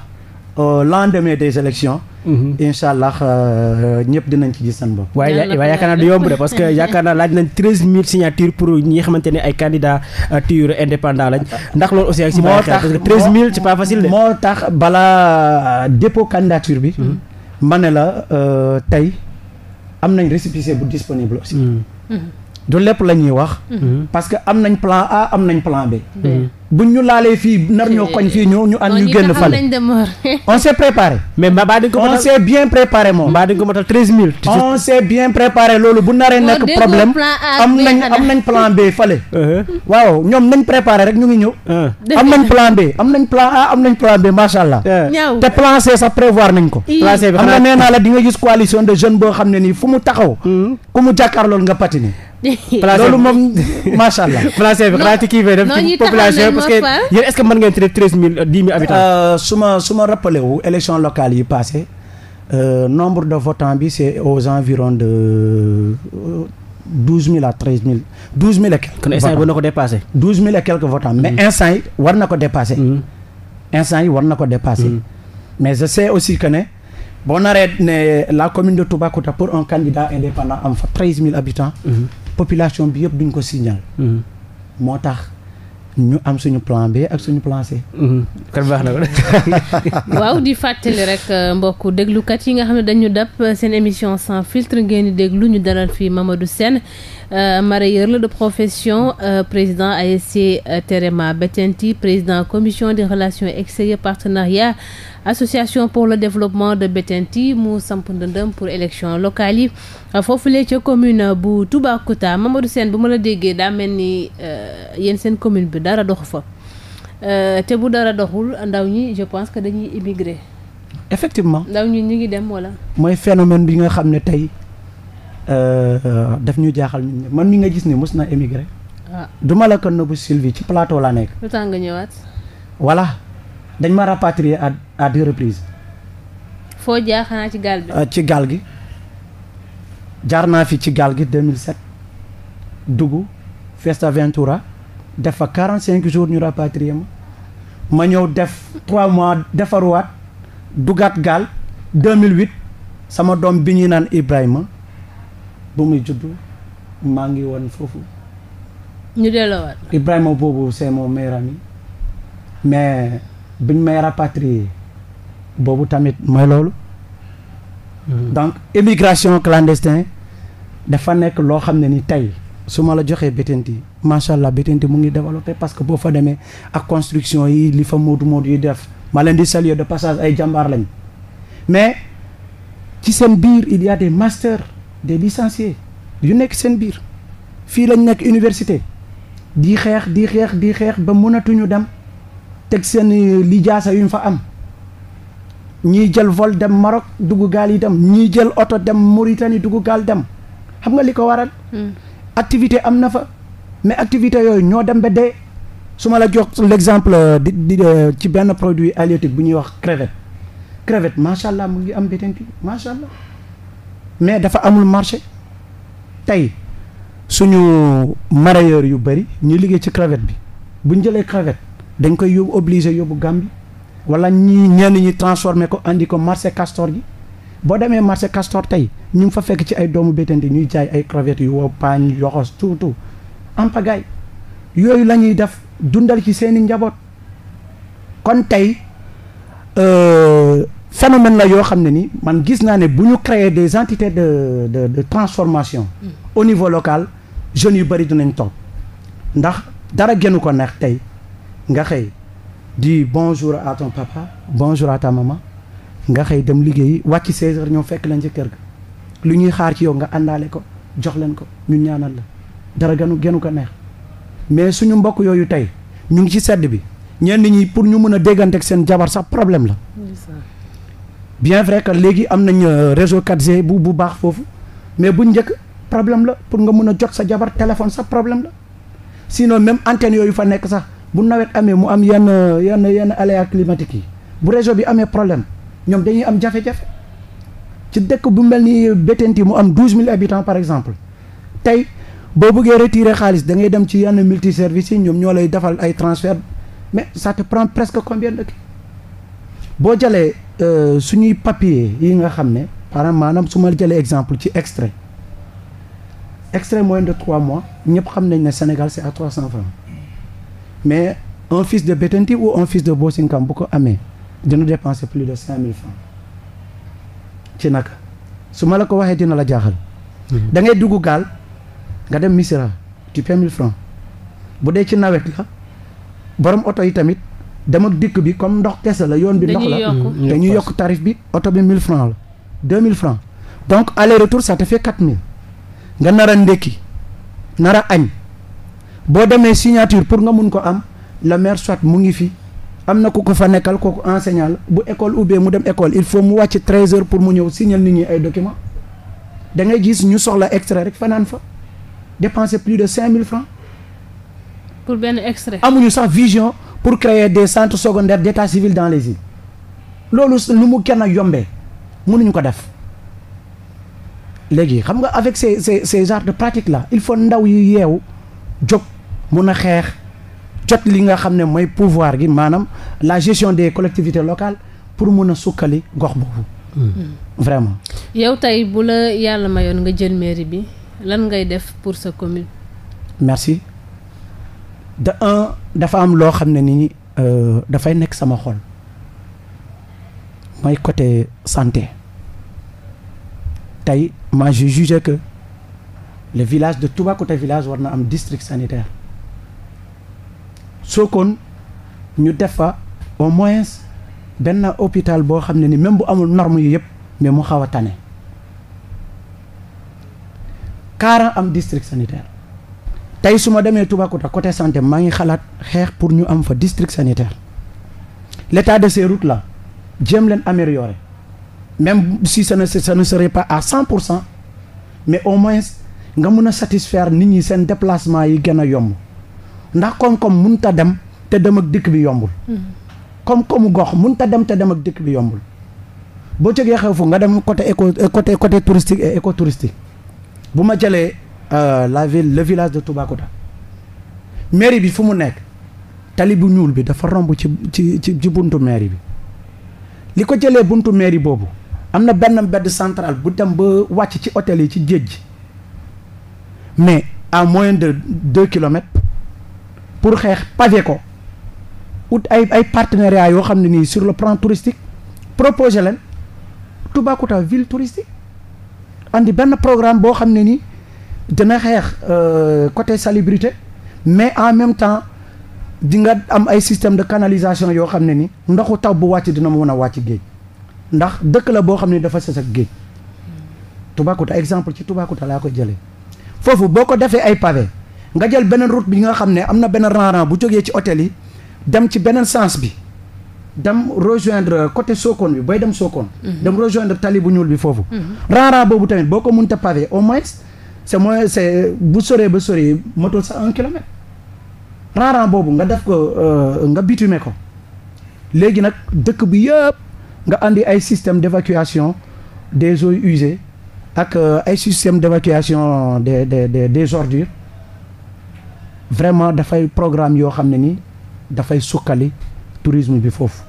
au lendemain des élections mhm. incha allah euh, ñëpp dinañ ci gis seen bopp. waaye yaakaar naa du yomb de parce que yaakaar naa laaj nañ treize mille signatures pour ñi nga xamante ne ay candidature euh, indépendant lañ ndax loolu aussi. moo tax parce que treize mille c'est pas facile de. moo tax balaa dépôt candidature bi. Mhm. ma ne la euh, tey am nañ récépissé bu disponible aussi. Mhm. du lépp la ñuy wax. Mm-hmm. parce que am nañ plan A am nañ plan B. Mm-hmm. buñ ñu laalee fii nar ñoo koñ fii ñu ñu an ñu génn fale on s'est préparé. mais mbaa di nga ko on s'est bien préparé moom. mbaa di nga ko matal treize mille. on s'est bien préparé loolu bu oh, am nañ am nañ plan fale. Uh-huh. waaw ñoom nañ préparé rek ñu ngi ñëw. Uh-huh. am nañ plan B am nañ plan A am nañ plan B macha allah. Uh-huh. te plan C sax prévoir nañ ko. plan C bi nga nee naa la di nga gis coalition de jeunes boo xam ne nii fu mu taxaw. Mm-hmm. ku mu jàkkaarlool nga patiner. loolu moom macha allah. placé bi xanaa ci kii fay dem parce que yéen est ce que mën ngeen traiter treize mille euh, habitants. Euh, su ma su ma wu élection locale yi passé euh, nombre de votants bi c' au aux environs de euh, douze mille à treize mille douze mille et quelques. kon instant yi war ko dépassé. douze mille et quelques votants. mais mm. yi war na ko dépassé. Mm. instant yi war na ko dépassé. Mm. mais je sais aussi que ne. boo naree ne la commune de Toubacouta pour un candidat indépendant am fa treize mille habitants. Mm population bi yëpp duñ ko signal. Mm-hmm. moo tax ñu am suñu plan B ak suñu plan C. Mm-hmm. kon baax na ko waaw di fàttali rek euh, mbokku déglukat yi nga xam ne dañu dab euh, seen émission sans filtre ngeen di déglu ñu dalal fii Mamadou Sène euh, mareyeur la de profession président ASC Terema Bettenty président commission des relations extérieures partenariat. association pour le développement de yi mu samp ndëndëm pour élection locale yi foofulee ca commune bu Toubacouta du seen bu ma la déggee daa mel ni euh, yéen seen commune bi dara doxu fa euh, te bu dara doxul ndaw ñi je pense que dañuy immigré. effectivement ndaw ñi ñu ngi dem wala. mooy phénomène bi nga xam ne tey euh, daf ñu jaaxal ñun man mi nga gis ni mos na émigré. waaw ah. du ma la ko nëbbu Sylvie ci plateau laa nekk. lu tax nga ñëwaat. voilà dañ ma rapatrier à à deux reprises. foo jaar xanaa ci gaal bi. Euh, ci gaal gi jaar naa fi ci gaal gi 2007 dugg Fuerteventura def fa 45 jours ñu rapatrié ma ma ñëw def 3 mois defaruwaat dugaat gaal 2008 sama doom bi ñuy naan Ibrahima bu muy juddu maa ngi woon foofu. ñu delloowaat. Ibrahima boobu c'est mon meilleur ami mais biñ may rapatrié. boobu tamit mooy loolu. donc immigration clandestine dafa nekk loo xam ne ni tey su ma la joxee Bettenty macha allah Bettenty mu ngi développé parce que boo fa demee ak construction yi li fa moodu moodu yi def ma leen di saluer de passage ay jàmbaar lañ mais ci seen biir il y a des masters yu nekk seen biir fii lañ nekk université di xeex di xeex di xeex ba mënatuñu dem teg seen lijaasa yu ñu fa am. ñiy jël vol dem Maroc dugg gaal yi dem ñiy jël oto dem Mauritanie dugg gaal dem xam nga li ko waral. Hmm. activité am na fa mais activité yooyu ñoo dem ba dee su ma la jox l' exemple euh, di di euh, ci benn produit halieutique bu ñuy wax crevette crevette macha allah mu ngi am Bettenty macha allah mais dafa amul marché tey suñu mareyeur yu bëri ñuy liggéey ci crevette bi bu ñu jëlee crevette dañ koy yóbbu obligé yóbbu Gambie wala ñi ñenn ñi transformé ko indi ko marché castor gi boo demee marché castor tey ñu ngi fa fekk ci ay doomu bétante ñuy jaay ay crevettes yu wow paañ yoxos tout tout en pagaille yooyu lañuy def dundal ci seeni njaboot kon tey euh, phénomène la yoo xam ne ni man gis naa ne bu ñu créer des entités de de de transformation mm. au niveau local jeunes yu bëri dinañ toog ndax dara gënu ko neex tey nga xëy di bonjour à ton papa bonjour à ta nga xëy dem liggéey liggéeyi wàcc 16 heures ñoom fekk lañ ci kër gi lu ñuy xaar ci yow nga àndaale ko jox leen ko ñu ñaanal la dara gënu gënu ko neex mais suñu mbokk yooyu tey ñu ngi ci sedd bi ñenn ñi pour ñu mën a déggante ak seen jabar sax problème la. bien vrai que léegi am nañ euh, réseau 4 bu bu baax foofu mais bu njëkk problème la pour nga mën a jot sa jabar téléphone sax problème la sinon même antenne yooyu fa nekk sax. bu nawet amee mu am yenn yenn yenn aléa climatique yi bu réseau bi amee problème ñoom dañuy am jafe-jafe ci dëkk bu mel ni Bettenty mu am douze mille habitants par exemple tey boo bëggee retirer xaalis da ngay dem ci yenn multi services yi ñoom ñoo lay defal ay transfert mais ça te prend presque combien de boo jëlee euh, suñuy papier yi nga xam ne par maanaam suma jëlee exemple ci extrait extrait moyen de trois mois ñëpp xam nañ ne Sénégal c'est à trois cent francs mais un fils de Bettenty ou un fils de Bosinkam bu ko amee dina dépenser plus de cinq mille francs ci naka su ma la ko waxee dina la jaaxal. Mhm. da ngay dugg gaal nga dem misira tu paies mille bu dee ci nawet la borom oto yi tamit dem ak dikk bi comme ndox kese la yoon bi. ndox la ñu yokk mhm. tarif bi oto bi mille francs la deux mille francs donc aller retour ça te fait nga nar a ndékki nar a añ. boo demee signature pour nga mun ko am le maire soit mu ngi fi am na ku ko fa nekkal kooku enseignant la bu école ubbee mu dem école il faut mu wàcc 13 heures pour mu ñëw signal nit ñi ay documents da ngay gis ñu soxla extrait rek fanaan fa dépenser plus de 5000 francs pour benn extrait amuñu sax vision pour créer des centres secondaires d'état civil dans les îles loolu lu mu kenn yombee mënuñu ko def léegi xam nga avec ces ces ces genres de pratiques là il faut ndaw yu yeewu jóg mun a xeex jot li nga xam ne mooy pouvoir gi maanaam la gestion des collectivités locale pour mun a sukkali gox boobu hmm. vraiment yow tey bu la yàlla mayoon nga jël mairie bi lan ngay def pour sa commune merci de un dafa am loo xam ne ni euh, dafay nekk sama xol mooy côté santé tey ma je juge que le village de Toubacouta village war na am district sanitaire kon ñu def fa au moins benn hôpital boo xam ne ni même bu amul norme yu yëpp mais mu xaw a tane Kaaran am district sanitaire tey su ma demee Toubacouta côté santé maa ngi xalaat xeex pour ñu am fa district sanitaire l'état de ces routes la jéem leen améliorer même si ça ne ça ne serait pas à cent pour cent mais au moins nga mën a satisfaire nit ñi seen déplacement yi gën a yomb ndax koom-koom mun ta dem te dem ak dikk bi yombul mm-hmm. koom-koomu gox mun a dem te dem ak dikk bi yombul boo jógee xew fu nga dem côté éco euh, côté côté touristique et éco bu ma jëlee euh, la ville le village de Toubacouta mairie bi fu mu nekk tali bu ñuul bi dafa romb ci ci ci buntu mairie bi li ko jëlee buntu mairie boobu am na benn mbedd central bu dem ba wàcc ci hôtel yi ci géej gi mais à moins de deux kilomètres pour xeex pavé ko ut ay ay partenariat yoo xam ne nii sur le plan touristique proposé leen Toubacouta ville touristique andi benn programme boo xam ne nii dana xeex euh, côté salubrité mais en même temps di nga am ay système de canalisation yoo xam ne nii ndoxu taw bu wàcc dina mën a wàcc géej ndax dëkk la boo xam ne dafa sës ak géej Toubacouta exemple ci Toubacouta laa koy jëlee foofu boo ko defee ay pavé nga jël beneen route bi nga xam ne am na benn rang bu jógee ci hôtel yi dem ci beneen sens bi dem rejoindre côté Sokone bi booy dem Sokone mhm. dem rejoindre tali bu ñuul bi foofu mhm. rang boobu tamit boo ko munta pavé au moins c'est moins c'est bu soree ba soree matul sax un kilomètre rang boobu nga def ko euh, nga bitumer ko léegi nag dëkk bi yëpp nga andi ay système d'évacuation des eaux usées ak euh, ay système d'évacuation des des des des ordures vraiment dafay programme yoo xam ne ni dafay sukkali tourisme bi foofu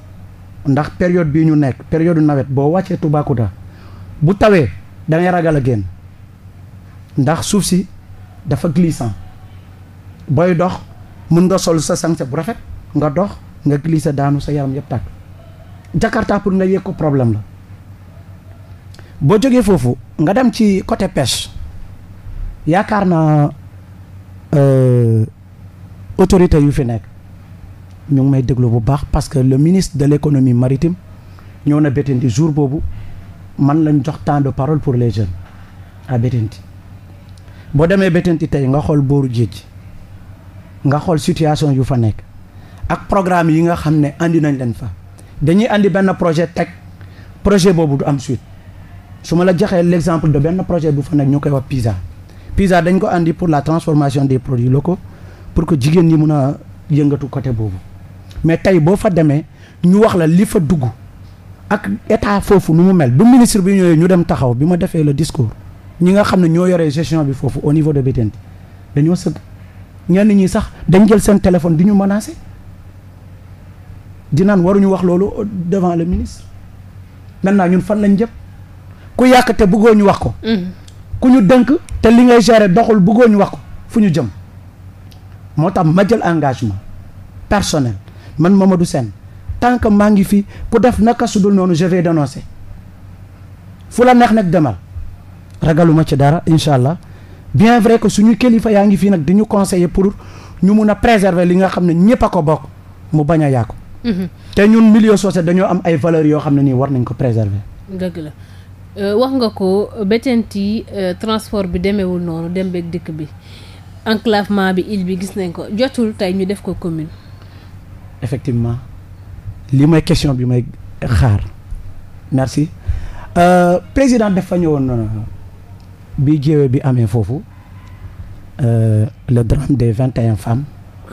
ndax période bii ñu nekk période nawet boo wàccee Toubacouta bu tawee da ragal a génn ndax suuf si dafa glissant booy dox mun nga sol sa sance bu rafet nga dox nga glissé daanu sa yaram yëpp tàkk Jakarta pour nga yëg ko problème la boo jógee foofu nga dem ci côté pêche yaakaar naa euh, autorité yu fi nekk ñu ngi may déglu bu baax parce que le ministre de l'économie maritime ñëw na Bettenty jour boobu man lañ jox temps de parole pour les jeunes à Bettenty boo demee Bettenty tey nga xool booru géej nga xool situation yu fa nekk ak programme yi nga xam ne indi nañ leen fa dañuy indi benn projet teg projet boobu du am suite su ma la joxee l' exemple de benn projet bu fa nekk ñu koy wax PISA PISA dañ ko andi pour la transformation des produits locaux pour que jigéen ñi mun a yëngatu côté boobu mais tey boo fa demee ñu wax la li fa dugg ak état foofu nu mu mel bu ministre bi ñëwee ñu dem taxaw bi ma defee le discours ñi nga xam ne ñoo yoree gestion bi foofu au niveau de Bettenty dañoo sëgg ñenn ñi sax dañ jël seen téléphone di ñu menacer di naan waruñu wax loolu devant le ministre maintenant ñun fan lañ jëm. ku yàq te bëggoo ñu wax ko. Mm. ku ñu dënk te li ngay gérer doxul bëggoo ñu wax ko fu ñu jëm. moo tax ma jël engagement personnel man Mamadou Sène tant que maa ngi fi ku def naka su dul noonu je vais dénoncer fu la neex nag demal ragaluma ci dara incha allah bien vrai que suñu kilifa yaa ngi fii nag di ñu conseiller pour ñu mun a préserver li nga xam ne ñëpp a ko bokk mu bañ a yàqu. Mm-hmm. te ñun milieu social dañoo am ay valeurs yoo xam ne nii war nañ ko préser Euh, wax nga ko euh, Bettenty euh, transport bi demeewul noonu dem beeg dikk bi enclavement bi île bi gis nañ ko jotul tey ñu def ko commune. effectivement li may question bi may xaar merci euh, président dafa ñëwoon bi jéewee bi amee foofu le drame des vingt et un femmes.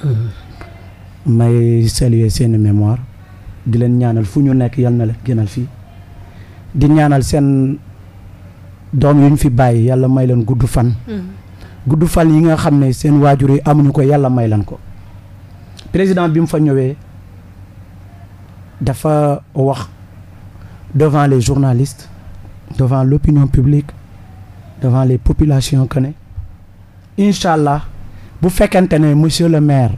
Mm-hmm. may saluer seen mémoire di leen ñaanal fu ñu nekk yal na la gënal fii. di ñaanal seen doom yu ñu fi bàyyi yàlla may leen gudd fan. Hmm. gudd fan yi nga xam ne seen waajur yi amuñu ko yàlla may leen ko. président bi mu fa ñëwee dafa wax devant les journalistes devant l'opinion publique devant les populations que ne incha allah bu fekkente ne monsieur le maire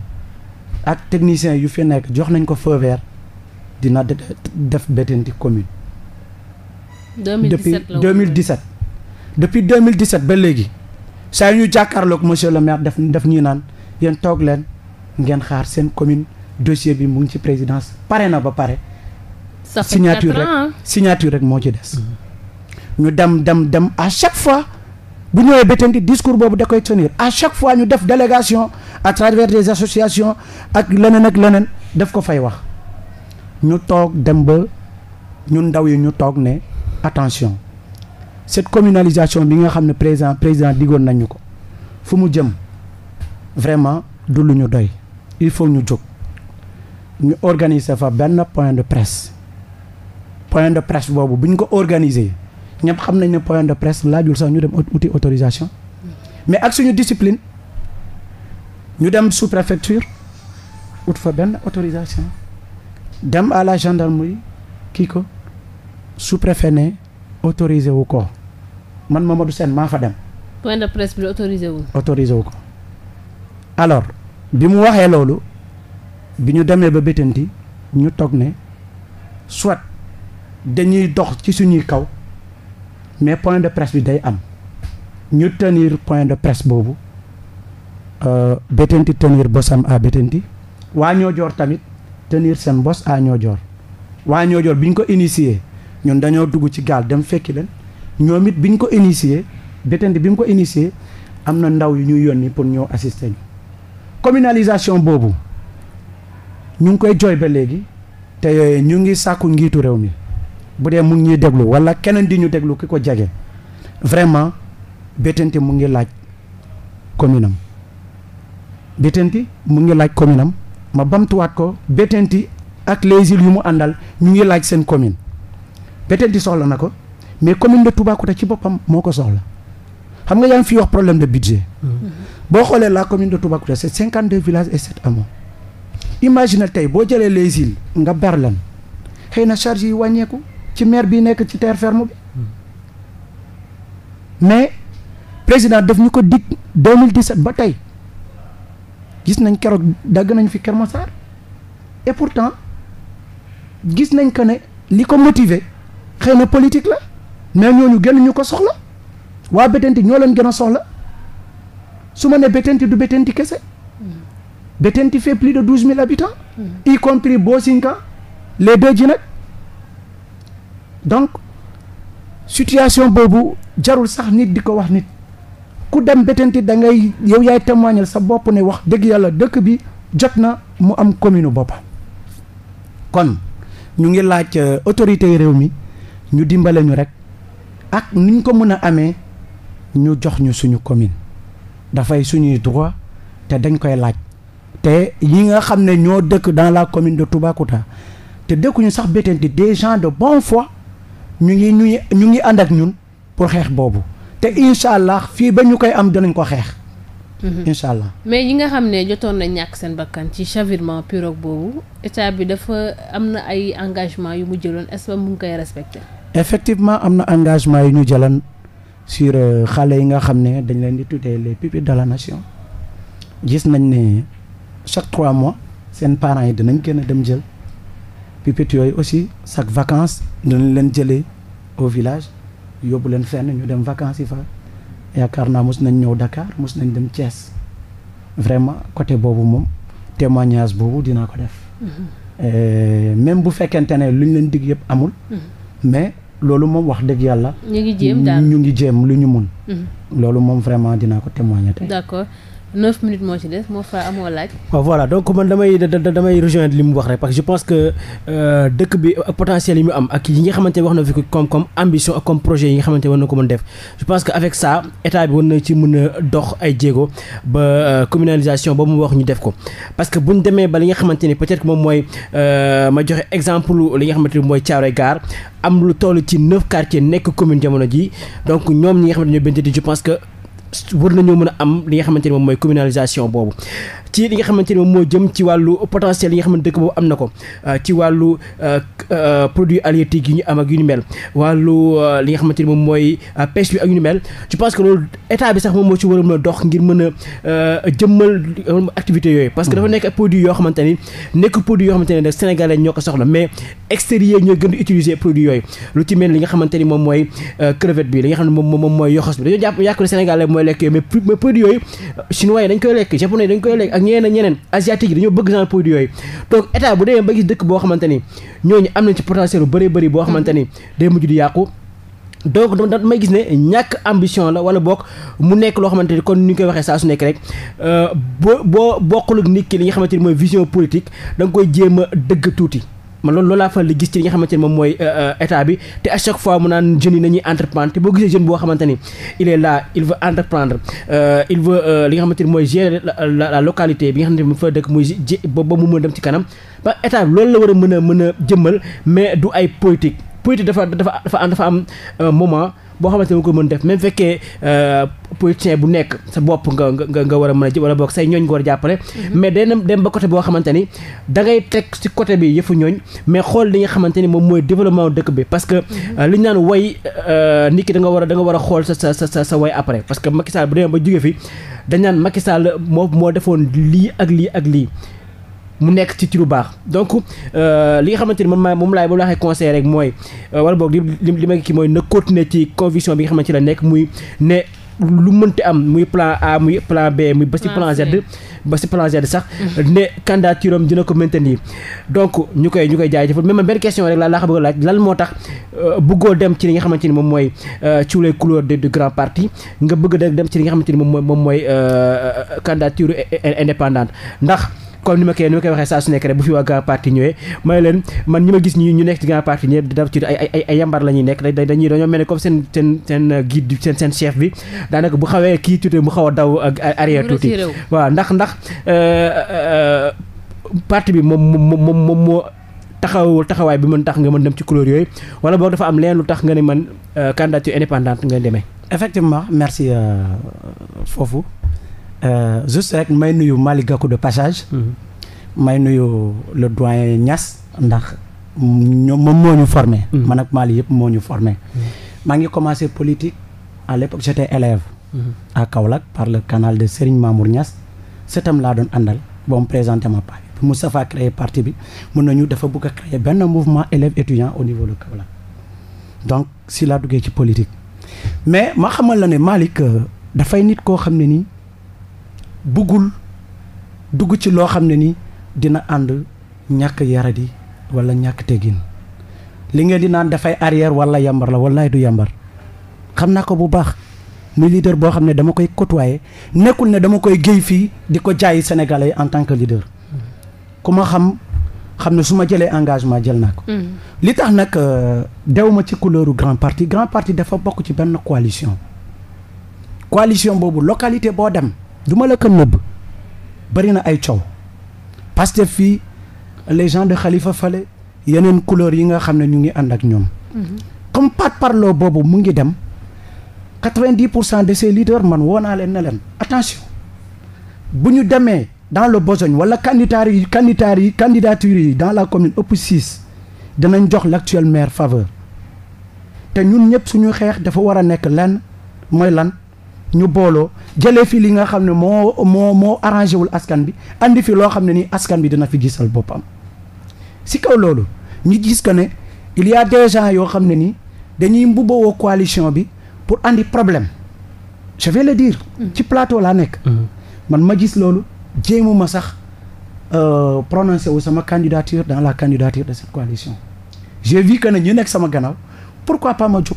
ak technicien yu fi nekk jox nañ ko feu vert dina def bétanti commune. 2017 la depuis 2017. depuis 2017 ba léegi saa yu ñu jàkkaarloog monsieur le maire def def ñuy naan yéen toog leen ngeen xaar seen commune dossier bi mu ngi ci présidence pare na ba pare. signature rek signature rek moo ci des. Mm-hmm. ñu dem dem dem à chaque fois bu ñëwee bétanti discours boobu da koy tenir à chaque fois ñu def délégation à travers des associations ak leneen ak leneen daf ko fay wax ñu toog dem ba ñun ndaw yi ñu toog ne. attention cette communalisation bi nga xam ne président président diggoon nañu ko fu mu jëm vraiment du ñu doy il faut ñu jóg ñu organiser fa benn point de presse point de presse boobu bu ñu ko organiser ñëpp xam nañ ne point de presse laajul sax ñu dem uti autorisation mais ak suñu disipline ñu dem sous préfecture ut fa benn autorisation dem à la gendarmerie kii ko su préfet ne autorisé wu ko man Mamadou seen maa fa dem. point de presse bi autorisé wu. autorisé wu ko alors bi mu waxee loolu bi ñu demee ba bétanti ñu toog ne soit dañuy dox ci suñuy kaw mais point de presse bi day am ñu tenir point de presse boobu euh, bétanti tenir bosam à bétanti waa ñoo joor tamit tenir seen bos à ñoo joor waa ñoo joor bi ñu ko initié. ñun dañoo dugg ci gaal dem fekki leen ñoom it bi ñu ko initié Betende bi mu ko initié am na ndaw yu ñuy yónni pour ñëw assister ñu. communalisation boobu ñu ngi koy jooy ba léegi te ñu ngi sàkku ngiitu réew mi bu dee mu ngi ñuy déglu wala keneen di ñu déglu ki ko jege vraiment Betente mu ngi laaj commune am Betente mu ngi laaj commune am ma bamtuwaat ko Betente ak les îles yu mu àndal ñu ngi laaj seen commune. Bettenty soxla na ko mais commune de Toubacouta ci boppam moo ko soxla xam nga yaa ngi wax problème de budget mm-hmm. boo xoolee la commune de Toubacouta c'est cinquante deux villages et sept hameaux imagine tey boo jëlee les îles nga berlan xëy na charge yi wàññeeku ci maire bi nekk ci terre ferme bi mm-hmm. mais président daf ñu ko dig 2017 ba tey gis nañ keroog dagg nañ fi Keur Massar et pourtant gis nañ que ne li ko motiver xëy na politique la mais ñooñu gën ñu ko soxla waa Bettenty ñoo leen gën a soxla su ma ne Bettenty du Bettenty kese Bettenty fait plus de douze mille habitants mm. y compris Bosinka les deux ji nag donc situation boobu jarul sax nit di ko wax nit ku dem Bettenty da ngay yow yaay témoignal sa bopp ne wax dëgg yàlla dëkk bi jot na mu am commune boppam kon ñu ngi laaj euh, autorité réew mi ñu dimbale ñu rek ak niñ ko mën a amee ñu jox ñu suñu commune dafay suñuy droit te dañ koy laaj te yi nga xam ne ñoo dëkk dans la commune de Toubacouta te dëkkuñu sax Bettenty de gens de bonne fois ñu ngi ñuy ñu ngi ànd ak ñun pour xeex boobu te incha allah fii ba ñu koy am dinañ ko xeex. Mhm. incha allah mais ñi nga xam ne jotoon na ñàkk seen bakkan ci chavirement pirogue boobu état bi dafa am na ay engagement yu mu jëloon est mu ngi koy respecté. effectivement am na engagement yu ñu jëlan sur euh, xale yi nga xam ne dañ leen di tuddee les pupilles de la nation gis nañ ne chaque trois mois seen parent yi danañ gën a dem jël pupilles yooyu aussi chaque vacances dinañ leen jëlee au village yóbbu leen fenn ñu dem vacances yi fa yaakaar naa mus nañ ñëw Dakar mus nañ dem cees vraiment côté boobu moom témoignage boobu dinaa ko def mm-hmm. euh, même bu fekkente ne luñ leen digg yëpp amul mm-hmm. loolu moom wax dëgg yàlla. ñu ngi jéem daal ñu ngi jéem lu ñu mun. Mm-hmm. loolu moom vraiment dinaa ko témoigner tey. neuf minutes moo ci des moo fa amoo laaj. donc man damay damay rejoindre li mu wax rek parce que je pense que euh, dëkk bi ak euh, potentiel yi mu am ak yi nga xamante ne wax na fi ko comme ambition ak comme projet ko mën def. je pense que a dox ay jéego ba euh, communalisation mu wax ñu def ko parce que buñ demee ba li nga xamante ni peut-être moom mooy ma joxe exemple li nga xamante ni mooy Thiaroye Gare am lu toll ci neuf quartiers nekk commune jamono ji donc ñoom ñi nga xamante ne ñoo bëgg je pense que. war nañoo mën a am li nga xamante ne moom mooy communalisation boobu ci li nga xamante ni moom moo jëm ci wàllu potentiel yi nga ko euh, ci wàllu euh, euh, produit halieutique yi ñu am ak moom mooy pêche bi ak yu ni mel je pense que loolu état bi sax moom moo ci war a mën a dox ngir mën a jëmmal activité yooyu parce que dafa mm-hmm. nekk produit yoo xamante produit yoo yooyu lu ci mel li nga xamante moom mooy crevette bi li nga xam ne moom moom mooy yoxos bi dañoo jàpp yàq sénégalais mooy lekk yooyu mais produit yooyu chinois yi dañ koy lekk japonais yi dañ koy lekk ak ñeneen ñeneen asiatique yi dañoo bëgg genre produit yooyu donc état bu dee ba gis dëkk boo xamante ni ñooñu am na ci potentiel bu bëree bëri boo xamante ni day mujj di yàqu donc da may gis ne ñàkk ambition la wala bokk mu nekk loo xamante ni kon ni ñu koy waxee saa su nekk rek euh, boo boo bokkul ak nit ki li nga xamante ni mooy vision politique da koy jéem a dëgg tuuti man loolu loolaa fa li gis ci li nga xamante ne moom mooy euh, euh, état bi te a chaque fois mu naan jeunes yi nañuy entreprendre te boo gisee jeune boo xamante ni il est là il veut entreprendre euh, il veut li nga xamante ni mooy gérer la localité bi nga xamante ni mu fa dëkk muy ji ba mu mën dem ci kanam ba état bi loolu la war a mën a mën a jëmmal mais du ay politique politique dafa dafa dafa dafa am moment boo xamante ne ko def même fekkee euh, politicien bu nekk sa bopp nga nga nga war a mën a jë wala boog say ñooñ nga war a jàppale mm-hmm. mais dem dem ba côté boo xamante ni da teg ci côté bi yëfu ñooñ mais xool li nga xamante ni moom mooy développement dëkk bi parce que mm-hmm. euh, li ñu naan way euh, nit ki da nga war a da war a xool sa sa sa sa way après parce que Macky Sall bu demee ba jóge fi dañ naan Macky Sall moo moo defoon lii ak lii ak lii mu nekk ci ci lu baax donc euh, li nga xamante ni moom maa moom laay moom laa waxee conseil rek mooy euh, wala boog li li ma kii mooy na continuer ci conviction bi nga xamante ne la nekk muy ne lu mënti am muy plan A muy plan B muy ba si plan Z ba si plan Z sax mm-hmm. ne candidature am dina ko maintenir donc ñu koy ñu koy jaajëfal mais man benn question rek laa laa bëgg a laaj lan moo tax euh, bëggoo dem ci li nga xamante ni moom mooy ci les couleurs du grand parti nga bëgg dem ci li nga xamante ni moom mooy moom mooy candidature indépendante ndax comme ni ma koy ni ma koy waxee saa su nekk rek bu fi waa grand parti ñëwee may leen man ñi ma gis ñu ñu nekk ci grand parti ñëpp d'habitude ay ay ay yambar la ñuy nekk da dañuy dañoo mel ne comme seen seen seen euh, guide seen seen chef bi daanaka bu xawee kii tuuti mu xaw a daw arrière tuuti waaw ndax ndax euh, euh, parti bi moom moom moom moo taxaw taxawaay bi mën tax nga mën dem ci couleur yooyu wala boog dafa am leen lu tax nga ne man candidature indépendante nga demee effectivement merci foofu Euh, juste rek may nuyu Malick Gakou de passage. Mhm. may nuyu le doyen ñas ndax ñoom moom moo ñu formé. Mhm. man ak Mali yëpp moo ñu formé. Mhm. maa ngi commencé politique à l'époque j'étais élève. à Kaolack par le canal de Serigne Mamour ñas setam laa doon àndal ba mu présenté ma paa bi Moustapha créé parti bi mun nañu dafa bëgg a créer benn mouvement élèves étudiants au niveau de Kaolack donc si laa duggee ci politique mais ma xamal la ne Malick euh, dafay nit koo xam ne nii. bëggul dugg ci loo xam ne ni dina ànd ñàkk yaradi wala ñàkk teggin li ngeen di naan dafay arrière wala yambar la wallaay du yambar xam naa ko bu baax muy leader boo xam ne dama koy côtoyer nekkul ne dama koy géey fii di ko jaayi Sénégalais yi en tant que leader ku ma xam xam ne su ma jëlee engagement jël naa ko mm. li tax nag euh, dew ma ci couleuru grand parti grand parti dafa bokk ci benn coalition coalition boobu localité boo dem du ma la ko nëbb bëri na ay coow Pastef fii les gens de Khalifa fale yeneen couleur yi nga xam ne ñu ngi ànd ak ñoom. Mhm. comme par parloo boobu mu ngi dem quatre-vingt-dix pour cent de ces leaders man woo naa leen ne leen attention bu ñu demee dans le besogne wala candidat yi candidat yi candidature yi dans la commune ëpp six danañ jox l'actuel maire faveur te ñun ñëpp suñu xeex dafa war a nekk lan mooy lan. ñu booloo jële fii li nga xam ne moo moo moo arrangé wul askan bi andi fii loo xam ne nii askan bi dina fi gisal boppam si kaw loolu ñu gis que ne il y a des gens yoo xam ne nii dañuy mbubbawoo coalition bi pour indi problème je vais le dire. Mm. ci plateau laa nekk. Mm. man ma gis loolu ma sax euh, prononcé wu sama candidature dans la candidature de cette coalition. je vu que ne ñu nekk sama gannaaw pourquoi pas ma jóg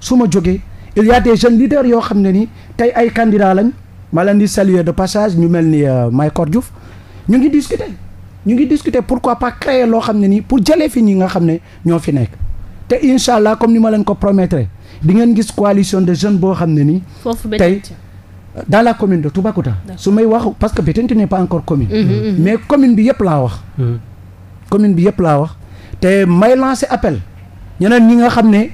su ma jógee. il y a des jeunes yoo xam ne ni tey ay candidats lañ ma leen di de passage ñu mel ni euh, Maïkor Diouf ñu ngi discuter ñu ngi discuter pourquoi pas créer loo xam ne nii pour jëlee fi ñi nga xam ne ñoo fi nekk te incha allah comme ni ma leen ko promettre di ngeen gis coalition de jeune boo xam ne nii. foofu tey dans la commune de Toubacouta. su may wax parce que Bettenty n'est pas encore commune. Mm-hmm, mm-hmm. mais commune bi yëpp laa wax. Mm-hmm. commune bi yëpp laa wax te may lancer appel ñeneen ñi nga xam ne.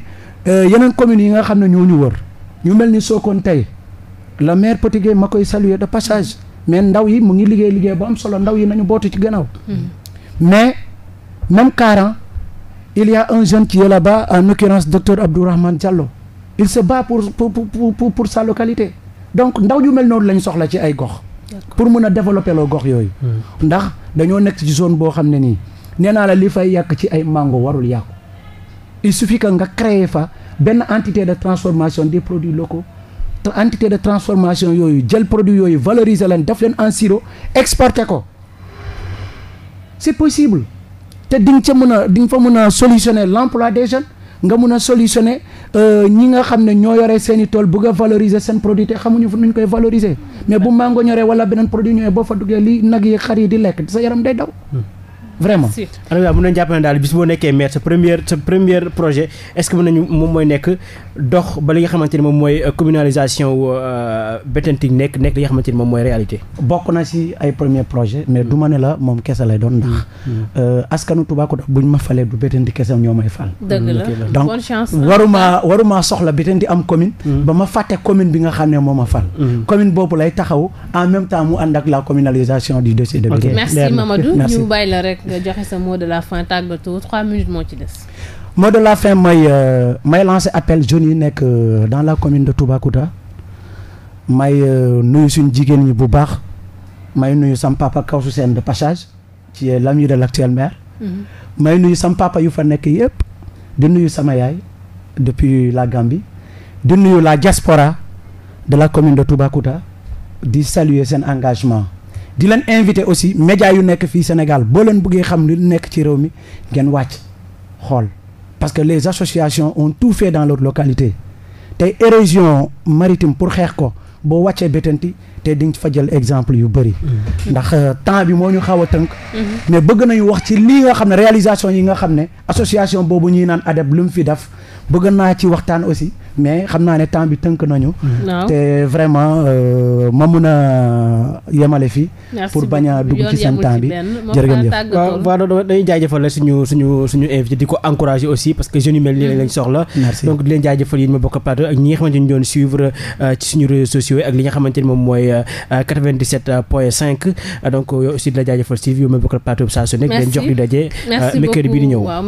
Euh, yeneen communes yi nga xam ne ñoo ñu wër ñu mel ni Sokone tey la maire Petit ma koy saluer de passage mais ndaw yi mu ngi liggéey liggéey bu am solo ndaw yi nañu bootu ci gannaaw. Hmm. mais même Karan il y a un jeune qui est là-bas en l'occurrence docteur Abdourahmane Diallo il se bat pour pour pour pour, pour sa localité donc ndaw yu mel noonu lañu soxla ci ay gox. pour mën a développer loo gox yooyu. Hmm. ndax dañoo nekk ci zone boo xam ne nii nee naa la li fay yàq ci ay màngo warul yàqu. il suffit que nga créer fa benn entité de transformation des produits locaux entité de transformation yooyu jël produit yooyu valoriser leen def leen en sirop exporter ko c'est possible te di nga ca mën a di nga fa mën a solutionner l'emploi des jeunes nga mën a solutionner euh, ñi nga xam ne ñoo yore seeni tool bëgg a valoriser seen produit te xamuñu fu ñu koy valoriser mais bu mango ñoree wala beneen produit ñoree boo fa duggee li nag yi xar yi di lekk sa yaram day daw. Hmm. vraiment Alioune Ba mën nañu jàpp ne daal bis boo nekkee maire sa première projet est-ce que mën nañu moom mooy nekk dox ba li nga xamante ni moom mooy euh, communalisation euh, Bettenting nekk nekk li nga xamante ni moom mooy réalité. bokk na si ay premier projet mais du ma ne la moom kese lay doon ndax. Euh, askanu bu ñu ma falee du Bettenting kese ñoo may fal. dëgg la donc waruma waruma soxla Bettenting am commune. Mm. ba ma fàtte commune bi nga xam ne moom ma fal. Mm. commune boobu lay taxaw en même temps mu ànd ak la communalisation di dossier nga joxe sa mot de la fin tàggatoo trois minutes moo ci des. mot de la fin mooy euh, may lancer appel jeunes yi nekk euh, dans la commune de Toubacouta may euh, nuyu suñ jigéen ñi bu baax may nuyu sam papa Kawsu Sène de passage ci lamure l'ami de l'actuel maire. Mm-hmm. may nuyu sam yu fa nekk yëpp. di nuyu sama yaay depuis la Gambie di nuyu la diaspora de la commune de Toubacouta di saluer seen engagement. di leen invité aussi média yu nekk fii Sénégal boo leen bëggee xam li nekk ci réew mi ngeen wàcc xool parce que les associations ont tout fait dans leur localité tey érosion maritime pour xeex ko boo wàccee Bettenty te di fa jël exemple yu bëri. ndax euh, temps bi moo ñu xaw a tënk. Mhm. mais bëgg nañu wax ci lii nga xam ne réalisation yi nga xam ne association boobu ñuy naan adep lu mu fi def. bëgg naa ci waxtaan aussi mais xam naa ne temps bi tënk nañu. te vraiment euh, ma mun a yemale fi pour bañ a dugg ci seen temps bi jërëjëf. waaw waaw dañuy jaajëfal suñu suñu suñu invité di ko encourager aussi parce que jeunes yu mel nii lañ soxla. donc di leen jaajëfal yéen ma bokk plateau ak ñi nga euh, moom mooy 97 euh, point 5 donc yow aussi di la jaajëfal si yow ma bokk plateau saa su nekk. di leen jox di daje. merci bi di ñëw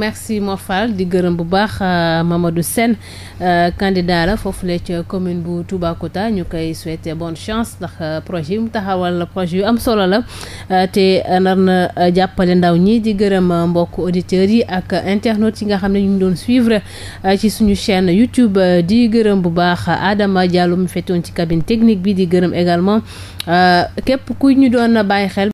Amadou Sène euh, candidat la foofu la ca commune bu Toubacouta ñu koy souhaiter bonne chance ndax euh, projet yi mu taxawal projet yu am solo la euh, te nar jàppale ndaw ñi di gërëm mbokk auditeurs yi ak internautes yi nga xam ne ñu ngi doon suivre ci suñu chaîne YouTube di gërëm bu baax Adama Diallo mu fetoon ci cabine technique bi di gërëm également képp ku ñu doon bàyyi xel.